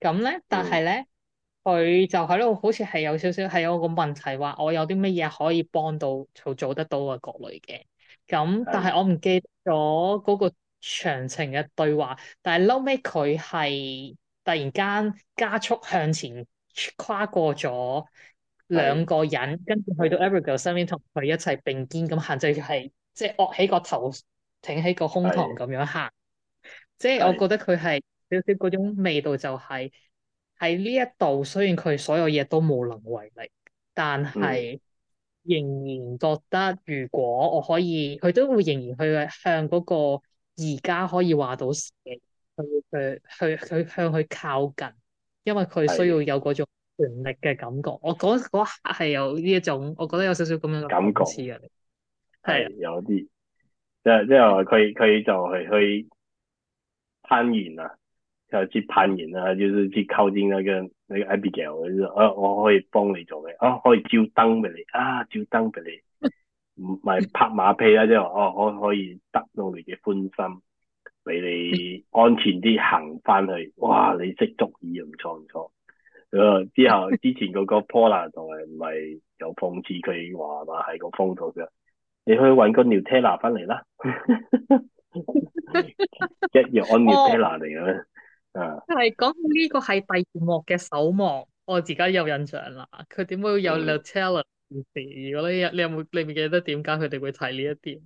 咁咧，但係咧，佢、嗯、就喺度，好似係有少少係有個問題，話我有啲乜嘢可以幫到做做得到嘅各類嘅，咁但係我唔記得嗰個詳情嘅對話，但係嬲尾佢係突然間加速向前跨過咗。兩個人跟住的去到 Abigail、e、嘅身邊，同佢一齊並肩咁行，就係即係昂起個頭、挺起個胸膛咁樣行。的即係我覺得佢係少少嗰種味道、就是，就係喺呢一度，雖然佢所有嘢都無能為力，但係仍然覺得如果我可以，佢都會仍然去向嗰個而家可以話到事嘅去去去去向佢靠近，因為佢需要有嗰種。權力嘅感覺，我嗰嗰刻係有呢一種，我覺得有少少咁樣感覺，感覺似啊，係有啲即係即係佢佢就係去，去攀岩啊，就接攀岩啊，就是去溝那個那個 Abigail，我，我可以幫你做嘅，哦可以照燈俾你啊照燈俾你，唔、啊、係 拍馬屁啦，即係哦可可以得到你嘅歡心，俾你安全啲行翻去，哇你識足矣唔錯唔錯。之後，之前嗰個波蘭同埋唔係有諷刺佢話嘛係個風土嘅，你去揾個 Nutella 翻嚟啦，一樣 Nutella 嚟嘅咩？啊，係講呢個係第二幕嘅首幕，我自己有印象啦。佢點會有 Nutella 件事？我、嗯、你，你有冇你唔記得點解佢哋會睇呢一啲？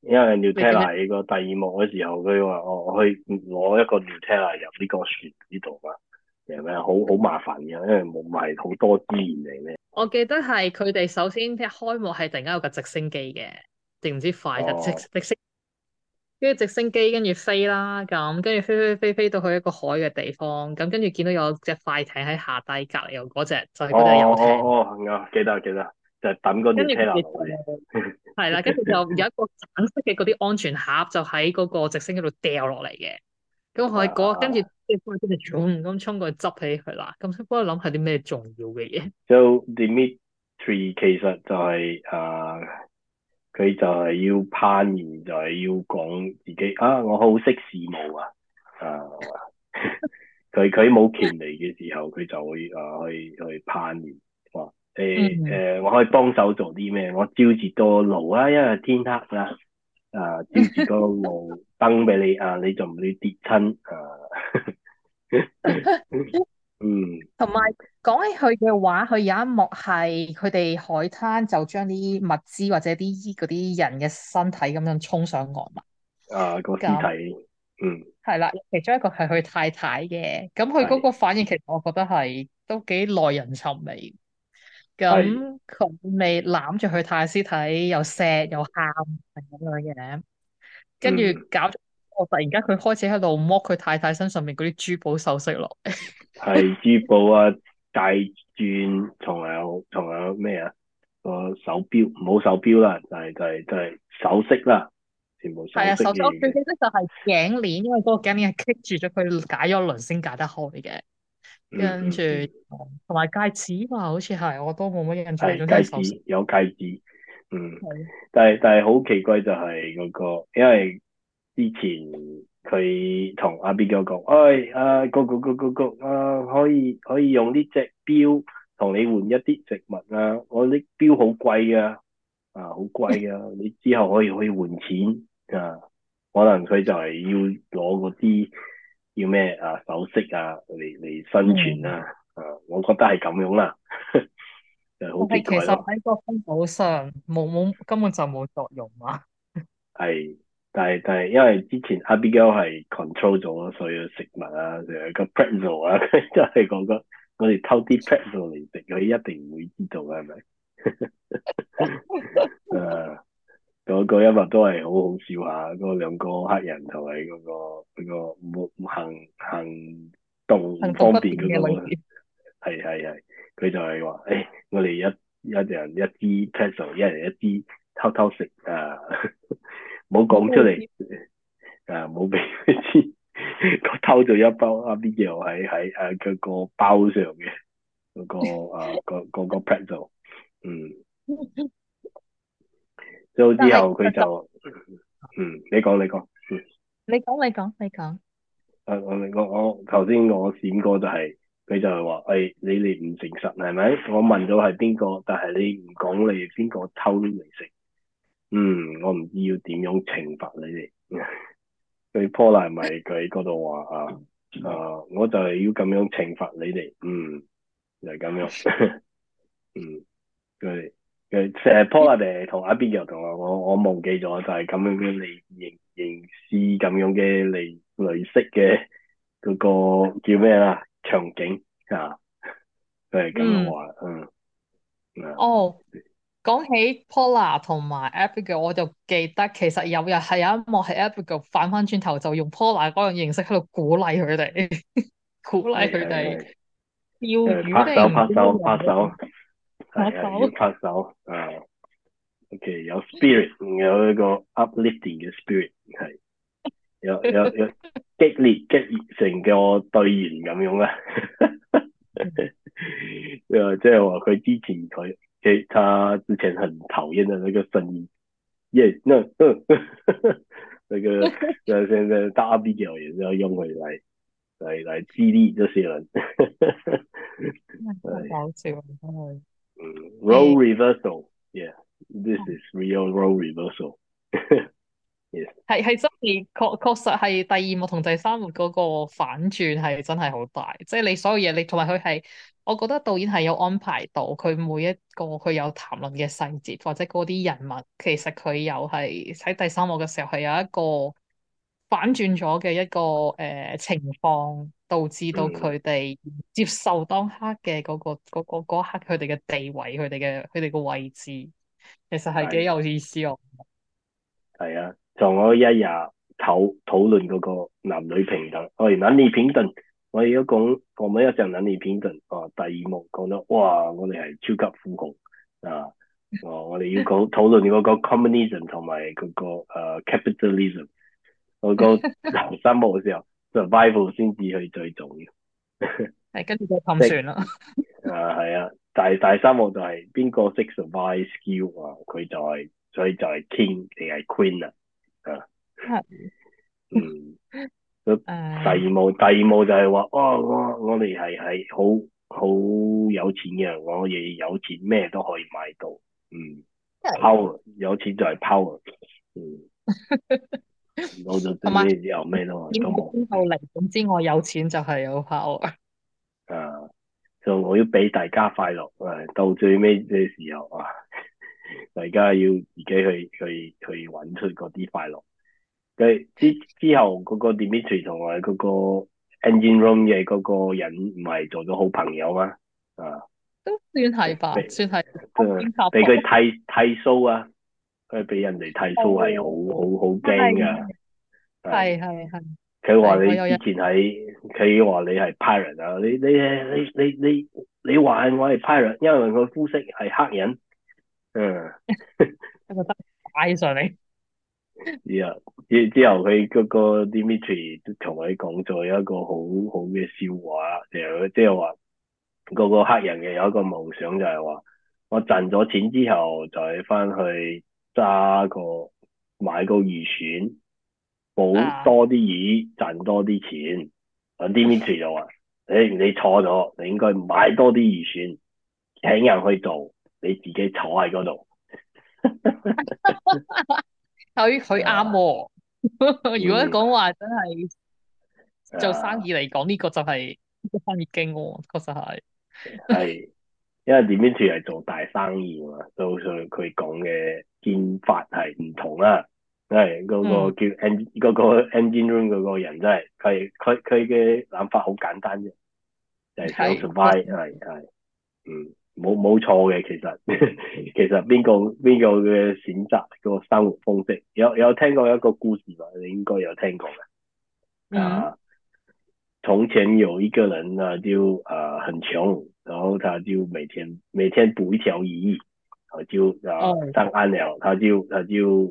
因為 Nutella 個第二幕嘅時候，佢話聽我去攞一個 Nutella 入呢個船呢度啊。」係咪好好麻煩嘅，因為冇埋好多資源嚟咧。我記得係佢哋首先一開幕係突然間有架直升機嘅，定唔知快就、哦、直直升，跟住直升機跟住飛啦，咁跟住飛飛飛飛到去一個海嘅地方，咁跟住見到有隻快艇喺下低隔籬，有嗰隻就係嗰隻遊艇。哦哦哦，記得記得，就係、等嗰啲。跟住係啦，跟住 就有一個橙色嘅嗰啲安全盒，就喺嗰個直升機度掉落嚟嘅。咁我係講，跟住即係幫佢沖唔敢衝過去執起佢啦。咁先幫我諗下啲咩重要嘅嘢。就、so, Dmitry 其實就係、是、啊，佢、uh, 就係要攀岩，就係、是、要講自己啊，我好識事務啊。啊、uh, 佢佢冇權利嘅時候，佢 就會啊去去攀岩。哇、uh, 嗯！誒誒，我可以幫手做啲咩？我照住個路啊，因為天黑啦。啊，照住嗰個路燈畀你啊，你就唔會跌親啊。嗯。同埋講起佢嘅話，佢有一幕係佢哋海灘就將啲物資或者啲嗰啲人嘅身體咁樣沖上岸嘛。啊，嗰個屍體。那嗯。係啦，其中一個係佢太太嘅，咁佢嗰個反應其實我覺得係都幾耐人尋味。咁佢未攬住佢太太屍體又錫又喊咁樣嘅，跟住搞咗我突然間佢開始喺度摸佢太太身上面嗰啲珠寶首飾囉。係珠寶啊，大鑽，仲有仲有咩啊？個手錶唔好手錶啦，係就係就係就係首飾啦，全部。係啊，首飾最緊要就係頸鏈，因為嗰個頸鏈係棘住咗佢解咗輪先解得開嘅。跟住同埋戒指嘛，好似係我都冇乜印象。戒指有戒指，嗯，的但係但係好奇怪就係嗰、那個，因為之前佢同阿 B 哥講，哎誒、啊，個個個個個啊，可以可以用呢隻表同你換一啲植物啊，我啲表好貴啊，啊好貴啊，你之後可以可以換錢啊，可能佢就係要攞嗰啲。叫咩啊？手飾啊，嚟嚟生存啦、啊！嗯、啊，我覺得係咁樣啦、啊， 就好奇怪咯。我係其實喺嗰分組上冇冇根本就冇作用啊。係， 但係但係因為之前 Abigail 係 control 咗所有食物啊，仲有個 pet s 做啊，即係嗰個我哋偷啲 pet s 做嚟食，佢一定會知道㗎，係咪？啊！嗰個一物都係好好笑下，嗰、那個、兩個黑人同埋嗰個嗰、那個冇行行動唔方便嗰、那個，係係係，佢就係話，誒、欸，我哋一一人一支 pretzel，一人一支，偷偷食啊，唔好講出嚟，啊，唔好俾佢知、啊，偷咗一包啱啲嘢喺喺誒佢個包上嘅嗰、那個啊嗰嗰、那個 pretzel、那個、嗯。 到之後佢就，是嗯，你講你講，你講你講你講。誒我我我頭先我閃過就係、是、佢就係話誒你哋唔誠實係咪？我問咗係邊個，但係你唔講你邊個偷嚟食。嗯，我唔知要點樣懲罰你哋。佢破例咪佢嗰度話啊啊，我就係要咁樣懲罰你哋、嗯。嗯，就咁樣。嗯，佢。嘅成 Paula 哋同阿 Abigail 又同我我我忘記咗，就係、是、咁樣嘅嚟形形式咁樣嘅類類式嘅嗰個叫咩啦？場景嚇，佢係咁話，嗯。嗯嗯哦，講起 Paula 同埋 Abigail 嘅，我就記得其實有日係有一幕係 Abigail 嘅反翻轉頭，就用 Paula 嗰樣形式喺度鼓勵佢哋， 鼓勵佢哋釣魚咩？拍手拍手拍手！係啊、嗯，拍手啊！OK，有 spirit，有一個 uplifting 嘅 spirit，係有有,有,有激烈、激烈嘅成個隊員咁樣啦、啊。又即係話佢之前佢佢他之前很討厭嘅呢個聲音，耶、yeah, no,， 那嗰個，那現在大 B 哥也是要用回來，來來激勵這些人。真係搞笑真係。role reversal，yeah，呢個係 real role reversal，係 係 Yes. 真係確確實係第二幕同第三幕嗰個反轉係真係好大，即係你所有嘢，你同埋佢係，我覺得導演係有安排到佢每一個佢有談論嘅細節，或者嗰啲人物，其實佢又係喺第三幕嘅時候係有一個反轉咗嘅一個誒情況。導致到佢哋接受當刻嘅嗰、那個嗰、嗯那個嗰、那個那個那個、刻佢哋嘅地位，佢哋嘅佢哋個位置，其實係幾有意思哦。係啊，就我一日討討論嗰個男女平等。喂、哎，男女平等，我而家講，我每一陣男女平等。哦、啊，第二幕講得：「哇，我哋係超級富豪啊， 啊！我哋要討討論嗰個 communism 同埋嗰個 capitalism，我、啊、講第三幕嘅時候。那個 survival 先至係最重要，係跟住就咁算啦。啊，係啊，第第三幕就係邊個識 survive skill 啊？佢就係所以就係 king 定係 queen 啊。係。 嗯。第二幕第二幕就係話，哦，我我哋係係好好有錢嘅，我哋有錢咩都可以買到。 嗯。power 有錢就係 power。嗯。 同之又咩咯？點知嚟？總之我有錢就係有跑、啊啊。啊！就我要俾大家快樂。誒，到最尾嘅時候啊，大家要自己去去去搵出嗰啲快樂。跟之之後，嗰個 Dimitri 同埋嗰個 Engine Room 嘅嗰個人，唔係做咗好朋友咩？啊，都算係吧，算係是。俾佢剃剃數啊！佢俾人哋剃須係好好好驚噶，係係係。佢話你以前喺，佢話的你係 pirate 啊！你你你你你你話我係 pirate，因為佢膚色係黑人，嗯 一個得掛上你。知啊！之之後佢嗰個 Dimitri 同佢講咗一個好好嘅笑話，就即係話嗰個黑人嘅有一個夢想就係話，我賺咗錢之後就去翻去。揸個買個漁船，補多啲魚賺多啲錢。阿 Dimitri 話，你錯咗，你應該買多啲漁船，請人去做，你自己坐喺嗰度。佢佢啱喎！哦、 如果講話真係、嗯、做生意嚟講，呢、呢個就係生意經喎，確實係。係。 因為 Dimitri 係做大生意嘛，所以佢講嘅見法係唔同啦。係嗰、那個叫 engine 嗰、嗯、個 engine 嗰個人真係佢佢佢嘅諗法好簡單啫，就係、是、想 survive 係係嗯冇冇錯嘅其實 其實邊個邊個嘅選擇個生活方式有有聽過一個故事嘛？你應該有聽過嘅啊！從、嗯、前有一個人呢，就啊很窮。然後他就每天每天捕一條魚，然後就然後上岸了，他就他就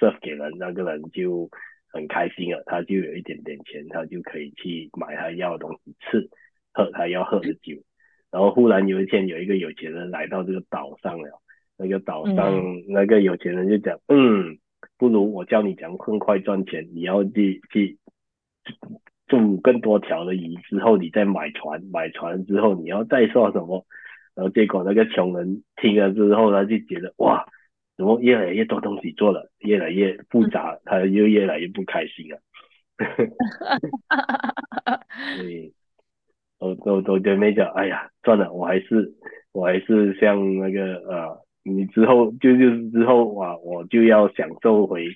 surf 給人，那個人就很開心啦，他就有一點點錢，他就可以去買他要的東西吃，喝他要喝的酒。嗯、然後忽然有一天有一個有錢人來到這個島上了，那個島上嗯嗯那個有錢人就講，嗯，不如我教你點樣更快賺錢，你要去去。去種更多條的魚之後，你再買船，買船之後你要再說什麼？然後結果那個窮人聽了之後，他就覺得，哇，怎麼越來越多東西做了，越來越複雜，他又越來越不開心了。所以，我我我決定咗，哎呀，算了，我還是，我還是像那個，呃，你之後就就是之後，我我就要享受回。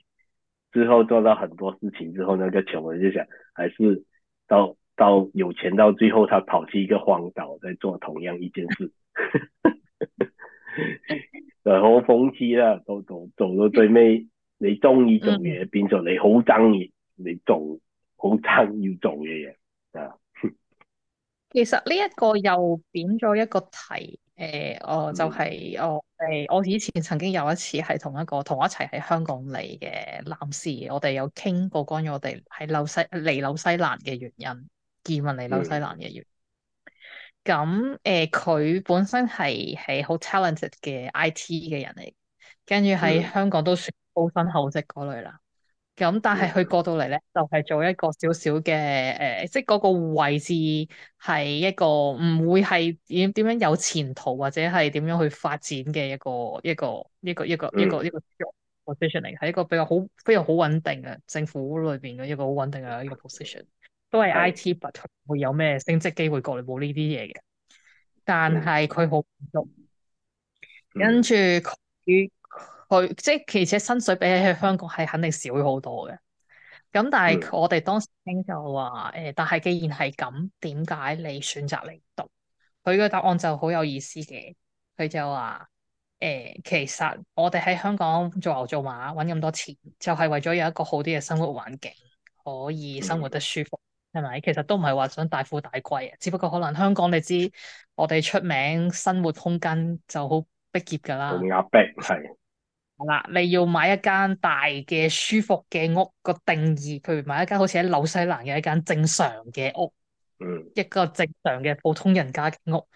之後做到很多事情之後，那個窮人就想，還是到到有錢到最後，他跑去一個荒島，再做同樣一件事， 就好諷刺啦。到到做到最尾，你中意做嘢，變咗你好憎你做，好憎要做嘅嘢啊。 其實呢一個又變咗一個題。誒，我就係我誒，我以前曾經有一次係同一個，同我一齊喺香港嚟嘅男士，我哋有傾過關於我哋係紐西嚟紐西蘭嘅原因，移民嚟紐西蘭嘅原因。咁誒、嗯，佢、呃、本身係係好 talented 嘅 IT 嘅人嚟，跟住喺香港都算高薪厚職嗰類啦。嗯 咁但係佢過到嚟咧，就係做一個少少嘅誒，即係嗰個位置係一個唔會係點點樣有前途或者係點樣去發展嘅一個一個一個一個一個一個 position 嚟，嘅。係一個比較好非常好穩定嘅政府裏邊嘅一個好穩定嘅一個 position，都係 IT，但係冇有咩升職機會，過嚟冇呢啲嘢嘅。但係佢好滿足，跟住佢。佢即係其實薪水比起喺香港係肯定少好多嘅。咁但係我哋當時聽就話，誒、嗯，欸，但係既然係咁，點解你選擇嚟讀？佢嘅答案就好有意思嘅。佢就話，誒、欸，其實我哋喺香港做牛做馬，揾咁多錢，就係、是、為咗有一個好啲嘅生活環境，可以生活得舒服，係咪、嗯？其實都唔係話想大富大貴啊，只不過可能香港你知，我哋出名生活空間就好逼仄噶啦，壓逼係。係啦，你要買一間大嘅舒服嘅屋個定義，譬如買一間好似喺紐西蘭嘅一間正常嘅屋， 一個正常嘅普通人家嘅屋，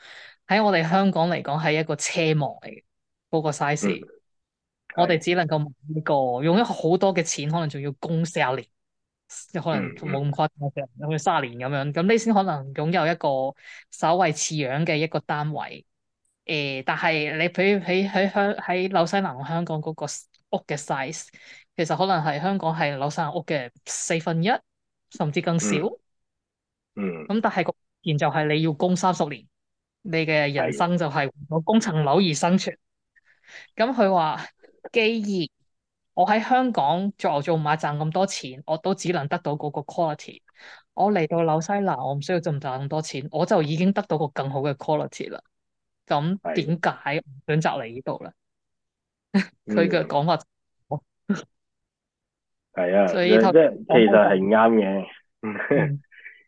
喺我哋香港嚟講係一個奢望嚟嘅嗰個 size。 我哋只能夠買呢個，用咗好多嘅錢，可能仲要供四十年，即可能仲冇咁誇張好似卅年咁樣，咁呢先可能擁有一個稍微似樣嘅一個單位。誒，但係你，比如喺喺香喺紐西蘭同香港嗰個屋嘅 size，其實可能係香港係紐西蘭屋嘅四分一，甚至更少。嗯。咁但係嗰件就係你要供三十年，你嘅人生就係為咗供層樓而生存。咁佢話既然我喺香港做牛做馬賺咁多錢，我都只能得到嗰個 quality。我嚟到紐西蘭，我唔需要賺咁多錢，我就已經得到個更好嘅 quality 啦。咁點解唔選擇嚟呢度咧？佢嘅講法，係啊，所以呢頭即係其實係啱嘅，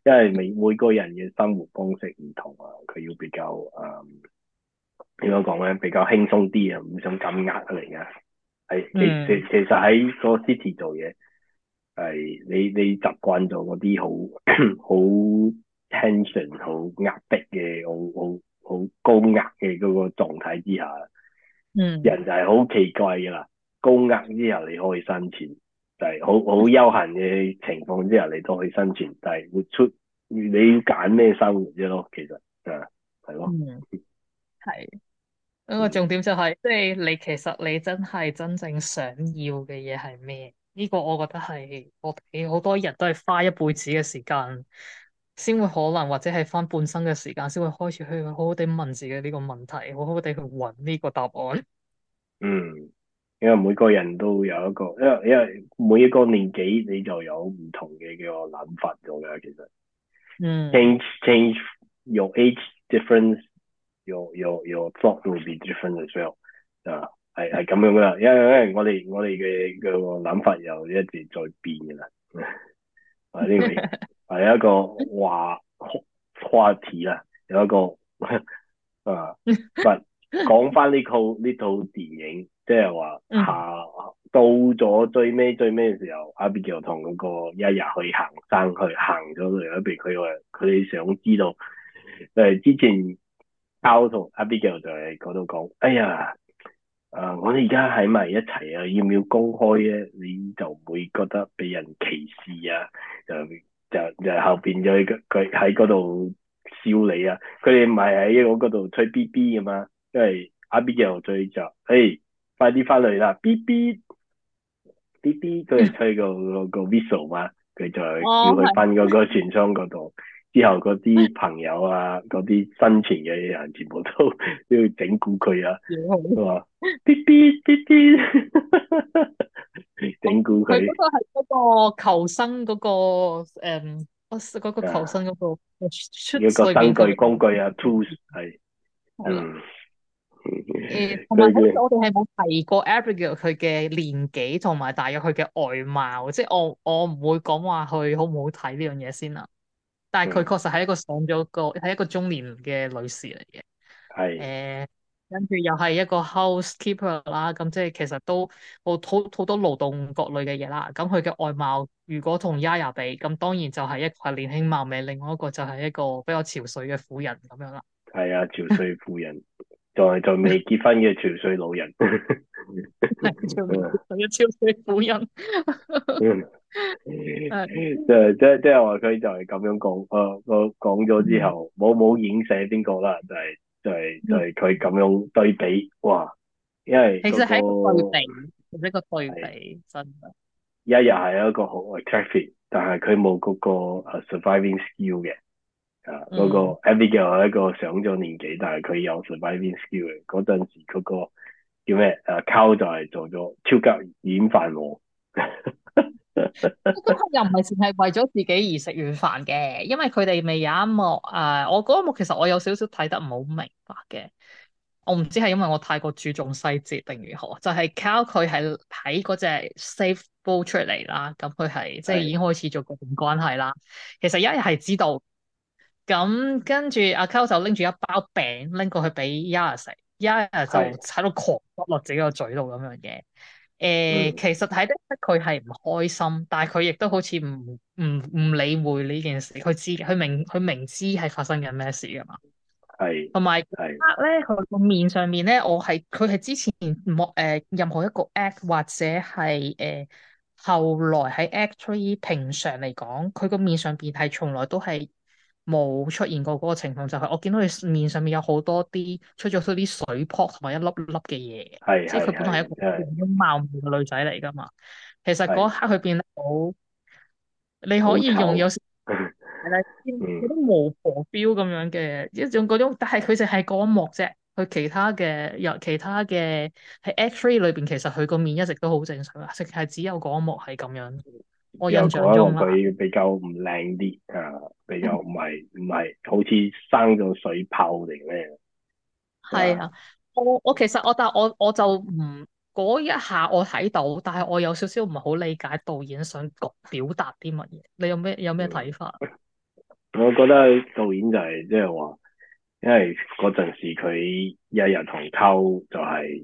因為每每個人嘅生活方式唔同啊，佢要比較誒點樣講咧，比較輕鬆啲啊，唔想咁壓嚟噶。係其其其實喺個 city 做嘢係你你習慣咗嗰啲好好 tension 好壓迫嘅好好。好高壓嘅嗰個狀態之下，嗯，人就係好奇怪噶啦。高壓之後你可以生存，就係好好悠閒嘅情況之下，你都可以生存，但係活出你要揀咩生活啫咯。其實、就係，就係咯，係、嗯。嗰、嗰個重點就係、係，嗯、即係你其實你真係真正想要嘅嘢係咩？呢、呢個我覺得係我哋好多人都係花一輩子嘅時間。先會可能或者係翻半生嘅時間，先會開始去好好地問自己呢個問題，好好地去揾呢個答案。嗯，因為每個人都有一個，因為因為每一個年紀你就有唔同嘅個諗法咁樣。其實，嗯，change change your age difference，your your your thought will be different as well. Uh. 啊，係係咁樣啦，因為因為我哋我哋嘅嘅個諗法又一直在變㗎啦。啊呢位。 係一個話話題啦，有一個 啊，唔係講翻呢套呢套電影，即係話啊 到咗最尾最尾嘅時候，阿比喬同嗰個一日去行山，去行咗嚟嗰邊，佢話佢想知道誒之前阿我同阿比喬就係嗰度講，哎呀、啊，誒我哋而家喺埋一齊啊，要唔要公開咧、啊？你就會覺得被人歧視啊，就。就就後邊佢佢喺嗰度笑你啊！佢哋唔係喺我嗰度吹 B B 咁啊，因為阿 B B 又追就，哎、欸，快啲翻嚟啦！B B B B 都係吹個個個 whistle 嘛，佢就叫佢翻嗰個船艙嗰度。哦、之後嗰啲朋友啊，嗰啲 生存嘅人全部都都要整蠱佢啊，佢話：B B B B 整佢，嗰個係嗰個求生嗰、嗰個誒，嗰、嗯啊、個求生嗰個，出歲工具工具啊，tools 係係啦。同埋喺度，我哋係冇提過 Abigail 佢嘅年紀，同埋大約佢嘅外貌，即係我我唔會講話佢好唔好睇呢樣嘢，先啦。但係佢確實係一個上咗個，係、嗯、一個中年嘅女士嚟嘅。係的。跟住又係一個 housekeeper 啦，咁即係其實都好好好多勞動各類嘅嘢啦。咁佢嘅外貌如果同 Yaya 比，咁當然就係一個年輕貌美，另外一個就係一個比較憔悴嘅婦人咁樣啦。係啊，憔悴婦人，就係仲未結婚嘅憔悴老人，係憔悴，一個憔悴婦人。即係即係我佢就係咁、就是、樣講、呃，我我講咗之後，冇冇影射邊個啦，就係、是。就係就係佢咁樣對比，哇！因為、那個、其實係一個對比，其實是個對比真係。一日又係一個好 t r a f f i c 但係佢冇嗰個 surviving skill 嘅、嗯那個。啊，嗰個 Abigail 又係一個上咗年紀，但係佢有 surviving skill 嘅嗰陣時，佢個叫咩？誒 Carl 就係做咗超級演飯王。 咁佢又唔係淨係為咗自己而食完飯嘅，因為佢哋未有一幕誒、啊，我嗰一幕其實我有少少睇得唔好明白嘅，我唔知係因為我太過注重細節定如何，就係、是、Kow 佢係喺嗰隻 safe Bowl 出嚟啦，咁佢係即係已經開始做固定關係啦。的其實一係知道，咁跟住阿 Kow 就拎住一包餅拎過去俾 Yaya 食，Yaya 就喺度狂剝落自己個嘴度咁樣嘅。的誒，uh, 嗯、其實睇得出佢係唔開心，但係佢亦都好似唔唔唔理會呢件事。佢知，佢明，佢明知係發生緊咩事噶嘛？係同埋 act 咧，佢個有是面上面咧，我係佢係之前冇誒、呃，任何一個 act 或者係誒、呃，後來喺 act 3平常嚟講，佢個面上邊係從來都係。冇出現過嗰個情況，就係、是、我見到佢面上面有好多啲出咗嗰啲水泡同埋一粒粒嘅嘢， 即係佢本來係一個容貌面嘅女仔嚟噶嘛。其實嗰刻佢變得好， 你可以用有啲嗰啲冒牌 feel 咁樣嘅，一種嗰種，但係佢淨係嗰一幕啫。佢其他嘅有其他嘅喺 Act Three 裏邊，其實佢個面一直都好正常，淨係只有嗰一幕係咁樣。我印象中佢比較唔靚啲啊，比較唔係唔係好似生咗水泡定咩？係啊，我我其實我但係我我就唔嗰一下我睇到，但係我有少少唔係好理解導演想表達啲乜嘢？你有咩有咩睇法？嗯、 我覺得導演就係即係話，因為嗰陣時佢日日同溝就係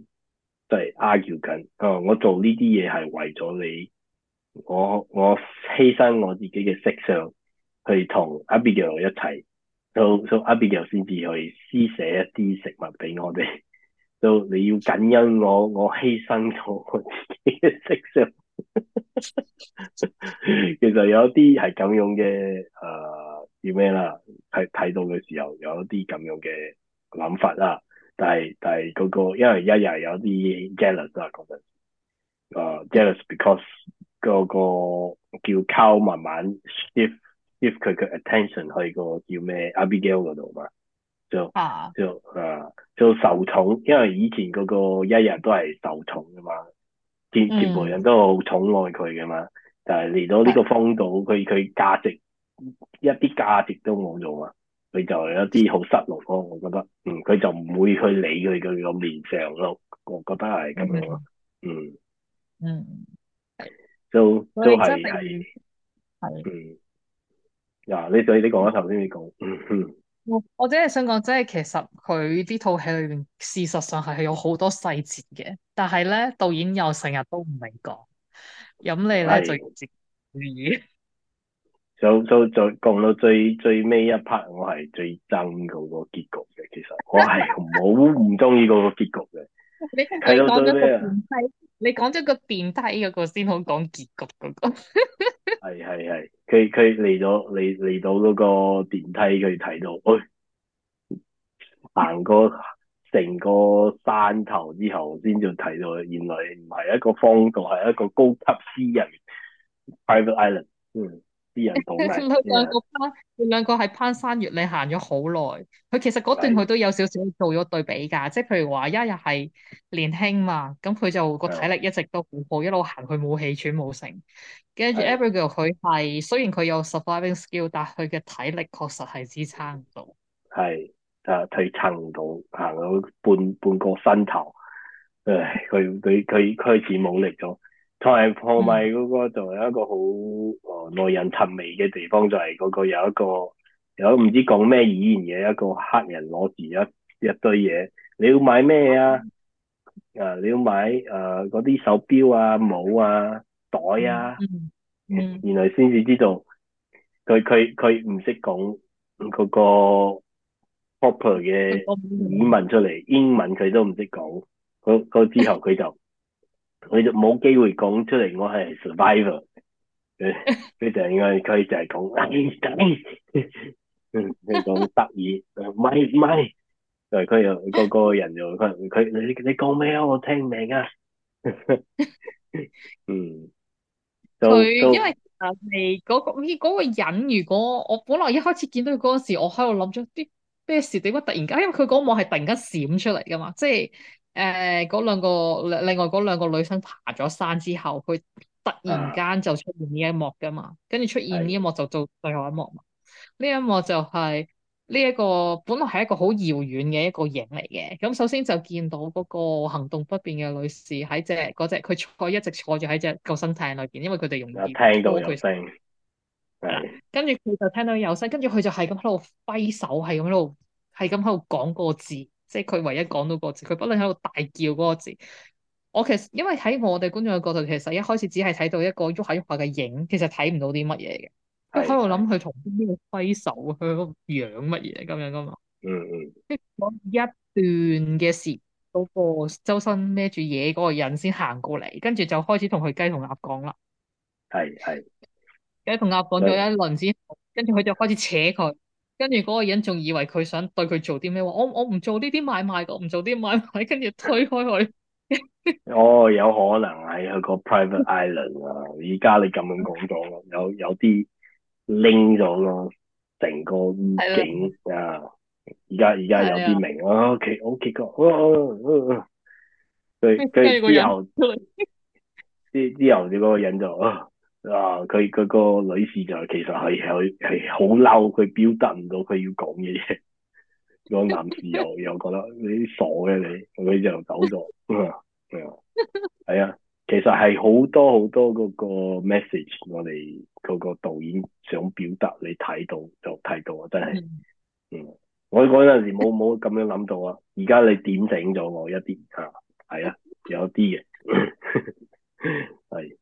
即係 argue 我做呢啲嘢係為咗你。我我犧牲我自己嘅色相，去同 Abigail 一齊，So Abigail 先至去施捨一啲食物俾我哋。到、so, 你要感恩我，我犧牲咗我自己嘅色相。 其實有一啲係咁樣嘅，誒叫咩啦？睇睇到嘅時候，有一啲咁樣嘅諗法啦。但係但係嗰、那個因為一日有啲 jealous 啦，講緊，誒、呃、jealous because。個個叫溝慢慢 shift shift 佢嘅 attention 去個叫咩 Abigail 嗰度嘛，就就啊就、啊、受寵，因為以前嗰個一日都係受寵噶嘛，全全部人都好寵愛佢噶嘛，但係嚟到呢個風度，佢佢、嗯、價值一啲價值都冇用嘛，佢就有啲好失落咯，我覺得，嗯，佢就唔會去理佢嘅個面相咯，我覺得係咁樣。都都係係，是是的嗯，嗱的、啊，你再你講一頭先你講， 我我真係想講，即係其實佢呢套戲裏邊，事實上係有好多細節嘅，但係咧導演又成日都唔明講，咁你咧的就要自己注意就就講到最最尾一 part，我係最憎嗰個結局嘅，其實我係好唔中意嗰個結局嘅。 你你講咗個電梯，麼你講咗個電梯嗰個先好講結局嗰個 是是是。係係係，佢佢嚟咗嚟嚟到嗰個電梯，佢睇到，哎，行過成個山頭之後，先至睇到原來唔係一個荒島，係一個高級私人 private island。嗯。佢 兩個攀，佢兩個喺攀山越嶺行咗好耐。佢其實嗰段佢都有少少做咗對比㗎，即係的譬如話，一日係年輕嘛，咁佢就個體力一直都好好，的一路行去冇氣喘冇成。跟住 Abigail 佢係雖然佢有 surviving skill，但係佢嘅體力確實係支撐唔到。係，誒，佢撐唔到，行到半半個山頭，誒，佢佢佢開始冇力咗。同埋破米嗰個就係一個好，誒耐人尋味嘅地方，就係、是、嗰個有一個，有唔知講咩語言嘅一個黑人攞住一一堆嘢，你要買咩啊？誒、嗯啊，你要買誒嗰啲手錶啊、帽啊、袋啊，嗯嗯、原來先至知道，佢佢佢唔識講嗰個 proper 嘅語文出嚟，嗯、英文佢都唔識講，之後佢就。嗯你就冇機會講出嚟，我係 survivor。佢就應該，佢 就係講：，唔使， 唔使、那個，你講得意。咪咪」。就係佢又個嗰個人又佢佢你你講咩啊？我聽唔明啊。 嗯。佢他 So, 因為係、那、嗰個咦嗰 人，如果我本來一開始見到佢嗰陣時，我喺度諗咗啲咩事點解突然間，因為佢嗰幕係突然間閃出嚟噶嘛，即係。誒，嗰兩個另外嗰兩個女生爬咗山之後，佢突然間就出現呢一幕噶嘛，跟住出現呢一幕就做最後一幕嘛。呢一幕就係呢一個本來係一個好遙遠嘅一個影嚟嘅。咁首先就見到嗰個行動不便嘅女士喺隻嗰隻佢坐一直坐住喺隻救生艇裏邊，因為佢哋容易聽到佢聲。係啦，跟住佢就聽到有聲，跟住佢就係咁喺度揮手，係咁喺度係咁喺度講個字。即係佢唯一講到個字，佢不能喺度大叫嗰個字。我其實因為喺我哋觀眾嘅角度，其實一開始只係睇到一個喐下喐下嘅影，其實睇唔到啲乜嘢嘅。佢喺度諗佢同邊邊度揮手，佢個樣乜嘢咁樣噶嘛。嗯嗯。即係講一段嘅事，嗰個周身孭住嘢嗰個人先行過嚟，跟住就開始同佢雞同鴨講啦。係係。雞同鴨講咗一輪之後，跟住佢就開始扯佢。跟住嗰個人仲以為佢想對佢做啲咩話，我賣賣我唔做呢啲買賣個，唔做啲買賣，跟住推開佢。哦 ，oh, 有可能喺去個 private island 啊，而家你咁樣講咗，有有啲拎咗咯，成個意景啊，而家而家有啲明咯，其我其個，佢佢之後，之之後呢個人就。啊啊！佢佢個女士就其實係係係好嬲，佢表達唔到佢要講嘅嘢。 個男士又又覺得你傻嘅你，佢就走咗。係、嗯、啊，其實係好多好多嗰個 message，我哋嗰個導演想表達，你睇到就睇到啊！真係，嗯，我嗰陣時冇冇咁樣諗到啊！而家你點整咗我一啲啊？係啊，有啲嘅係。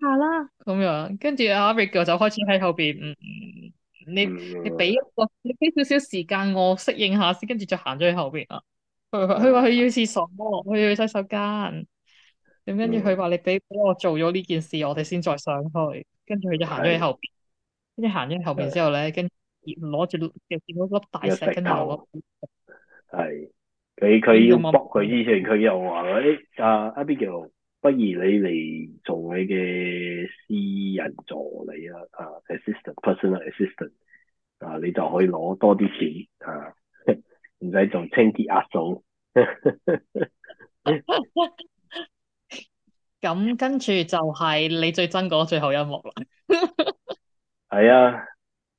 下啦，咁樣，跟住阿 Ricky 就開始喺後邊，嗯，你你俾一個，你俾少少時間我適應下先，跟住就行咗去後邊啦。佢話佢要廁所，佢要去洗手間。咁跟住佢話你俾我做咗呢件事，我哋先再上去。跟住佢就行咗去後邊，跟住行咗去後邊之後咧，跟住攞住又見到粒大石跟住我。係，佢佢要剝佢之前，佢又話誒、啊，阿阿邊叫？不如你嚟做你嘅私人助理啦，啊、uh，assistant，personal assistant，啊 assistant，uh, 你就可以攞多啲錢啊，唔使做清潔阿嫂。咁跟住就係你最憎嗰個最後一幕啦。係啊，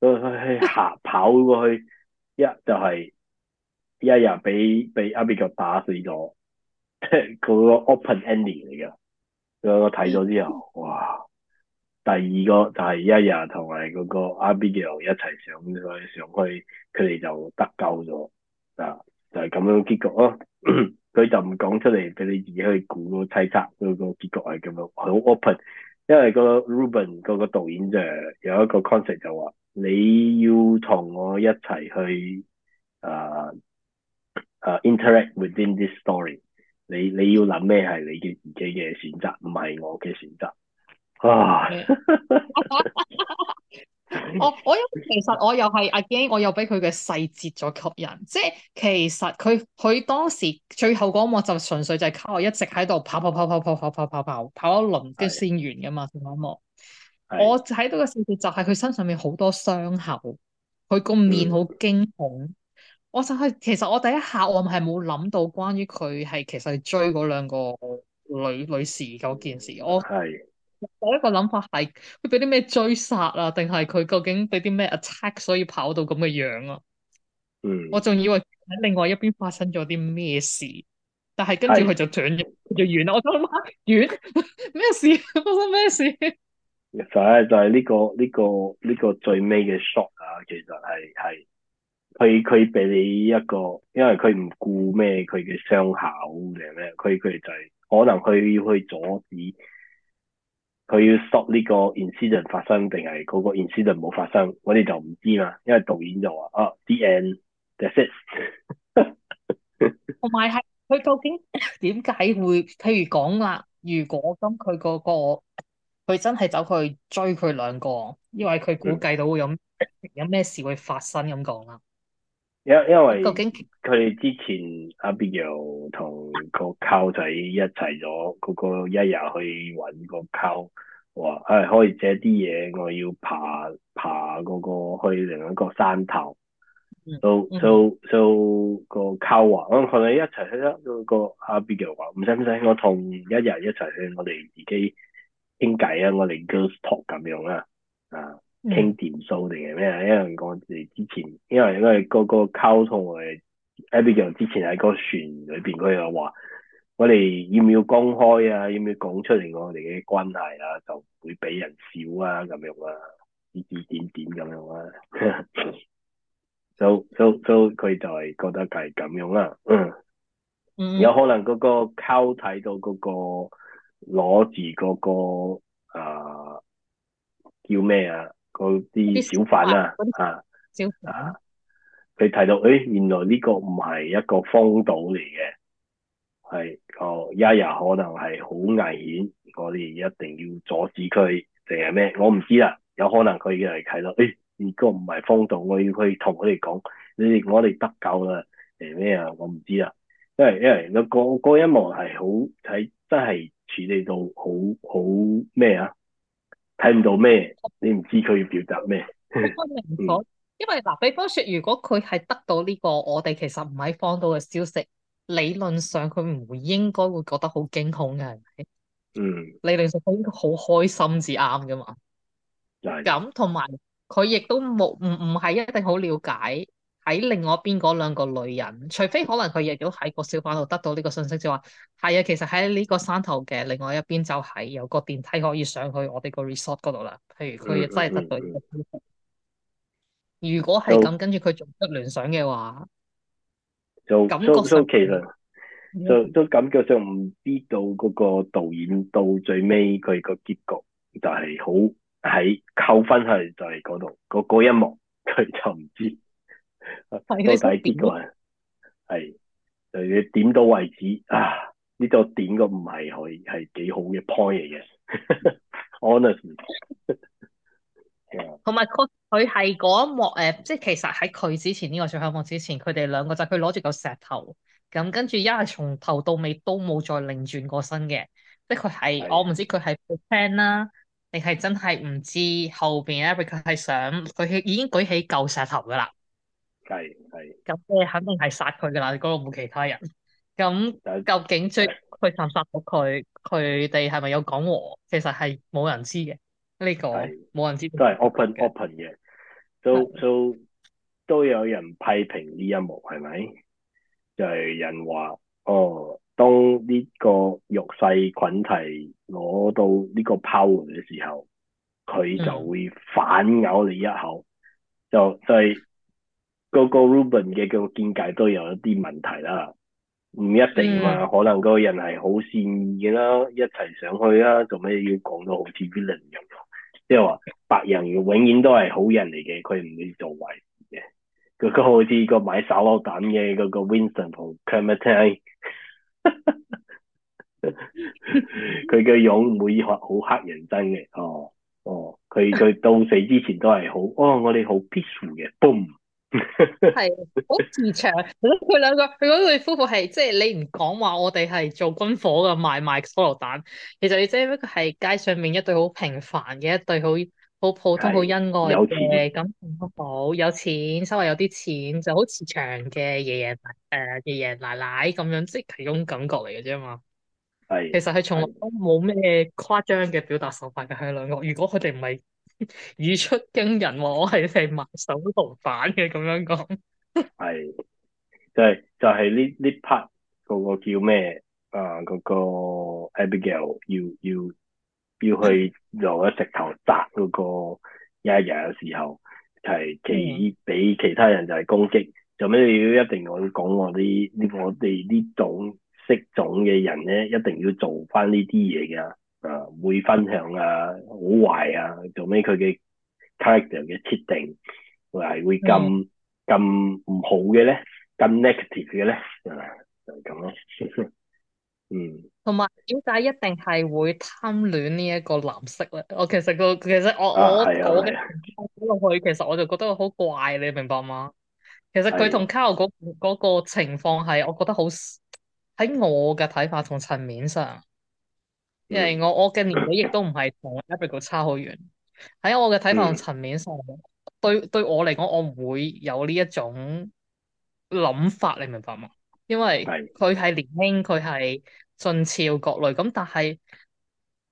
佢佢跑過去， 一就係一日俾俾阿比克打死咗。即係嗰個 open ending 嚟㗎，所以我睇咗之後，哇！第二個就係 Yaya 同埋嗰個阿 Abigail 一齊上去，上去佢哋就得救咗，啊就係、是、咁樣結局咯。佢、啊、 就唔講出嚟，俾你自己去估、去猜測個個結局係咁樣，係好 open。因為個 Ruben 嗰個導演就係有一個 concept 就話：你要同我一齊去啊啊 interact within this story。你你要諗咩係你嘅自己嘅選擇，唔係我嘅選擇。啊！我我因其實我又係阿 g 我又俾佢嘅細節再吸引，即係其實佢佢當時最後嗰幕就純粹就係卡我一直喺度跑跑跑跑跑跑跑跑跑跑一輪，跟住先完噶嘛，是一幕。是我睇到嘅細節就係佢身上面好多傷口，佢個面好驚恐。嗯我就係、是、其實我第一下我係冇諗到關於佢係其實追嗰兩個女女士嗰件事，我係是我一個諗法係佢俾啲咩追殺啊，定係佢究竟俾啲咩 attack 所以跑到咁嘅樣，樣啊？嗯，我仲以為喺另外一邊發生咗啲咩事，但係跟住佢就斷咗，是就完啦。我就諗下完咩 麼事？我 生咩事？就係就係呢個呢、這個呢、這個這個最尾嘅 shot 啊，其實係係。佢佢俾你一個，因為佢唔顧咩佢嘅傷口定係咩，佢佢就係、是、可能佢要去阻止，佢要 stop 呢個 incident 發生定係嗰個 incident 冇發生，我哋就唔知嘛。因為導演就話啊 the end. That's it。同埋係佢究竟點解會？譬如講啦，如果咁佢嗰個，佢真係走去追佢兩個，因為佢估計到會有、嗯、有咩事會發生咁講啦。因因為佢之前阿 b i y o n d 同個溝仔一齊咗，嗰個一日去揾個溝話，誒、哎、可以借啲嘢，我要爬爬嗰個去另一個山頭，so so so 個溝啊！我、嗯、同你一齊去啦，個阿 b i y o n d 話唔使唔使，我同一日一齊去，我哋自己傾偈啊，我哋 girls talk 咁樣啊，啊～傾掂數定係咩啊？因為我哋之前，因為因為嗰個溝同我哋 Abigail 之前喺個船裏邊佢又話：我哋要唔要公開啊？要唔要講出嚟我哋嘅關係啊？就會俾人笑啊咁樣啊，指指點點咁樣啊。 so s、so，佢、so，就係覺得係咁樣啦。嗯。Mm hmm. 有可能嗰個溝睇到嗰個攞住嗰個啊、呃、叫咩啊？嗰啲小販啊，啊，啊小啊，佢提到，誒、哎，原來呢個唔係一個荒島嚟嘅，係個一日可能係好危險，我哋一定要阻止佢，定係咩？我唔知啦，有可能佢係睇到，誒、哎，如果唔係荒島，我要去同佢哋講，你哋我哋得救啦，定係咩啊？我唔知啦，因為因、那、為個、那個一幕係好睇，真係處理到好好咩啊？睇唔到咩？你唔知佢要表達咩？ 嗯、因為如果因為嗱，比方說，如果佢係得到呢、這個我哋其實唔喺放到嘅消息，理論上佢唔會應該會覺得好驚恐嘅，係咪？嗯，理論上佢應該好開心至啱㗎嘛。咁的，同埋佢亦都冇唔唔係一定好了解。喺另外邊嗰兩個女人，除非可能佢亦都喺個小板度得到呢個信息，就話係啊，其實喺呢個山頭嘅另外一邊就係有個電梯可以上去我哋個 resort 嗰度啦。譬如佢真係得到呢個信息。如果係咁，就跟住佢做出聯想嘅話，就感覺上，其實就都感覺上唔知道嗰個導演到最尾佢個結局就係好喺扣分去，就係嗰度嗰一幕，佢就唔知。都大結局，係，誒， 點到為止啊！呢個點個唔係，係係幾好嘅 point 嚟嘅 honestly 同埋佢佢係嗰一幕誒，即係其實喺佢之前呢、這個最後幕之前，佢哋兩個就佢攞住嚿石頭，咁跟住一係從頭到尾都冇再擰轉過身嘅，即係佢係我唔知佢係 plan 啦，定係真係唔知後邊 Eric 係想佢已經舉起嚿石頭噶啦。係係咁，你肯定係殺佢噶啦，嗰度冇其他人。咁究竟即佢殺唔殺到佢，佢哋係咪有講和？其實係冇人知嘅呢、這個，冇是人知道。都係 open open 嘅，都都都有人批評呢一幕，係咪？就係、是、人話，哦，當呢個肉細菌體攞到呢個 power 嘅時候，佢就會反咬你一口，嗯、就所以。個個 Ruben 嘅個見解都有一啲問題啦，唔一定嘛，嗯、可能嗰個人係好善意啦，一齊上去啦，做咩要講到好似 Villain 咁？即係話白人永遠都係好人嚟嘅，佢唔會做壞事嘅。佢好似個買手榴彈嘅嗰個 Winston 同 Clementine，佢嘅樣會好乞人憎嘅。哦哦，佢佢到死之前都係好，哦我哋好 peaceful 嘅，boom。係好 慈祥，佢兩個佢嗰對夫婦係即係你唔講話，我哋係做軍火嘅賣賣手榴彈，其實你只不過係街上面一對好平凡嘅一對好好普通好是恩愛嘅感情好有錢，稍為有啲錢，有錢就好慈祥嘅爺爺誒爺爺奶奶咁樣，即係一種感覺嚟嘅啫嘛。係是其實佢從來都冇咩誇張嘅表達手法嘅，佢兩個如果佢哋唔係。語出驚人喎，我係成亡手逃犯嘅，咁樣講係 ，就係、是、就係呢呢 part 嗰個叫咩啊？嗰個 Abigail 要要要去攞石頭砸嗰個 Yaya 嘅時候，係 其俾其他人就係攻擊，做咩你要一定要講我哋呢？我哋呢種識種嘅人咧，一定要做翻呢啲嘢嘅。啊，會分享啊，好壞啊，做咩佢嘅 character 嘅設定，佢係會咁咁唔好嘅咧，咁 negative 嘅咧，啊，就係咁咯。 嗯。同埋點解一定係會貪戀呢一個藍色咧。我其實、那個其實我、那、我我，嘅講落去，其實我就覺得好怪，你明白嗎？其實佢同 Carl 嗰嗰個情況係，我覺得好喺我嘅睇法同層面上。嗯、因為我我嘅年紀亦都唔係同 Epic 差好遠，喺我嘅睇法層面上，嗯、對對我嚟講，我唔會有呢一種諗法，你明白嗎？因為佢係年輕，佢係俊俏各類，咁但係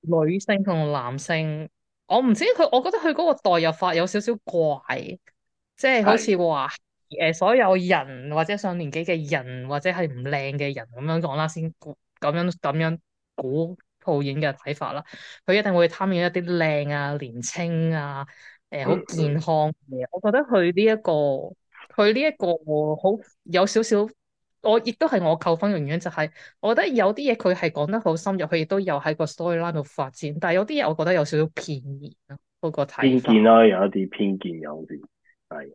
女性同男性，我唔知佢，我覺得佢嗰個代入法有少少怪，即係好似話，誒是、呃、所有人或者上年紀嘅人或者係唔靚嘅人咁樣講啦，先咁樣咁樣估。套影嘅睇法啦，佢一定會貪癮一啲靚啊、年青啊、誒、欸、好健康嘅。我覺得佢呢一個佢呢一個好有少少，我亦都係我扣分嘅原因，就係我覺得有啲嘢佢係講得好深入，佢亦都有喺個 storyline 度發展，但係有啲嘢我覺得有少少偏見咯。嗰、這個偏見啦、啊，有一啲偏見有時係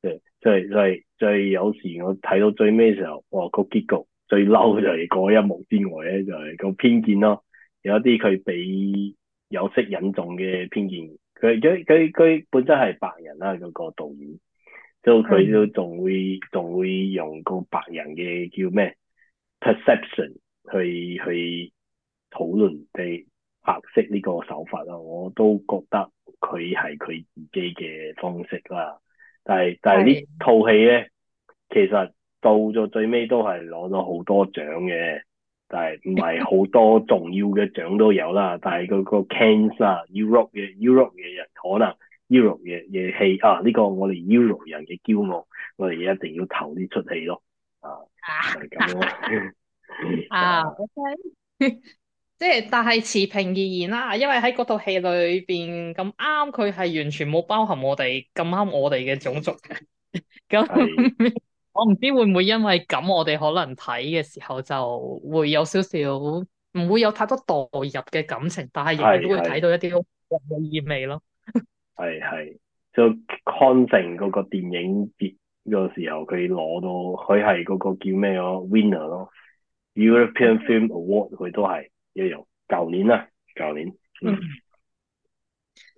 即係即係即係有時我睇到最尾嘅時候，哇、那個結局最嬲就係嗰一幕之外咧，就係、是、個偏見咯、啊。有一啲佢俾有色引眾嘅偏見，佢佢佢佢本身係白人啦，嗰個導演，所以佢都仲會仲會用個白人嘅叫咩 perception 去去討論地白色呢個手法咯，我都覺得佢係佢自己嘅方式啦。但係但係呢套戲咧，其實到咗最尾都係攞咗好多獎嘅。 但係唔係好多重要嘅獎都有啦，但係嗰個 Cannes 啊 ，Europe 嘅 Europe 嘅人可能 Europe 嘅嘢戲啊，呢個我哋 Europe 人嘅驕傲，我哋一定要投呢出戲咯，啊，係咁咯，啊、 uh, okay. 即係但係持平而言啦，因為喺嗰套戲裏邊咁啱佢係完全冇包含我哋咁啱我哋嘅種族咁。 那 我唔知會唔會因為咁，我哋可能睇嘅時候就會有少少，唔會有太多代入嘅感情，但係亦都會睇到一啲好嘅意味咯是是。 係係，就康城嗰個電影節嘅時候，佢攞到佢係嗰個叫咩咯？Winner 咯，European Film Award 佢都係一樣。舊年啊，舊年嗯，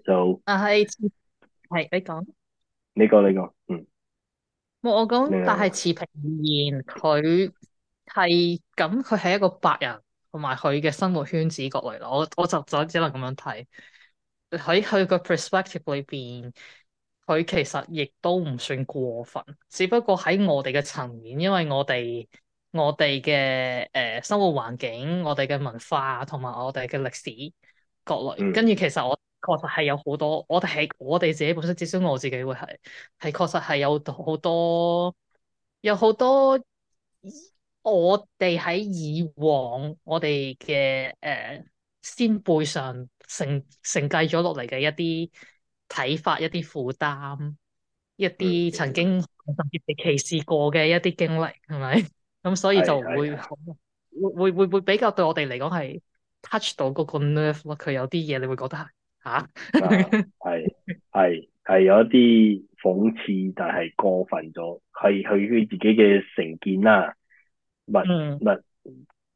就啊係係，你講你講你講，嗯。冇我講，但係持平而言，佢係咁，佢係一個白人，同埋佢嘅生活圈子各類。我我就就只能咁樣睇喺佢個 perspective 裏邊，佢其實亦都唔算過分，只不過喺我哋嘅層面，因為我哋我哋嘅誒生活環境，我哋嘅文化同埋我哋嘅歷史各類，跟住其實我。確實係有好多，我哋係我哋自己本身，至少我自己會係，係確實係有好多，有好多我哋喺以往我哋嘅，誒先輩上承承繼咗落嚟嘅一啲睇法，一啲負擔，一啲曾經特別被歧視過嘅一啲經歷，係咪？咁所以就會會會會比較對我哋嚟講係 touch 到嗰個 nerve 咯，佢有啲嘢你會覺得係。吓，係係係有一啲諷刺，但係過分咗，係佢佢自己嘅成見啦、啊，物物，物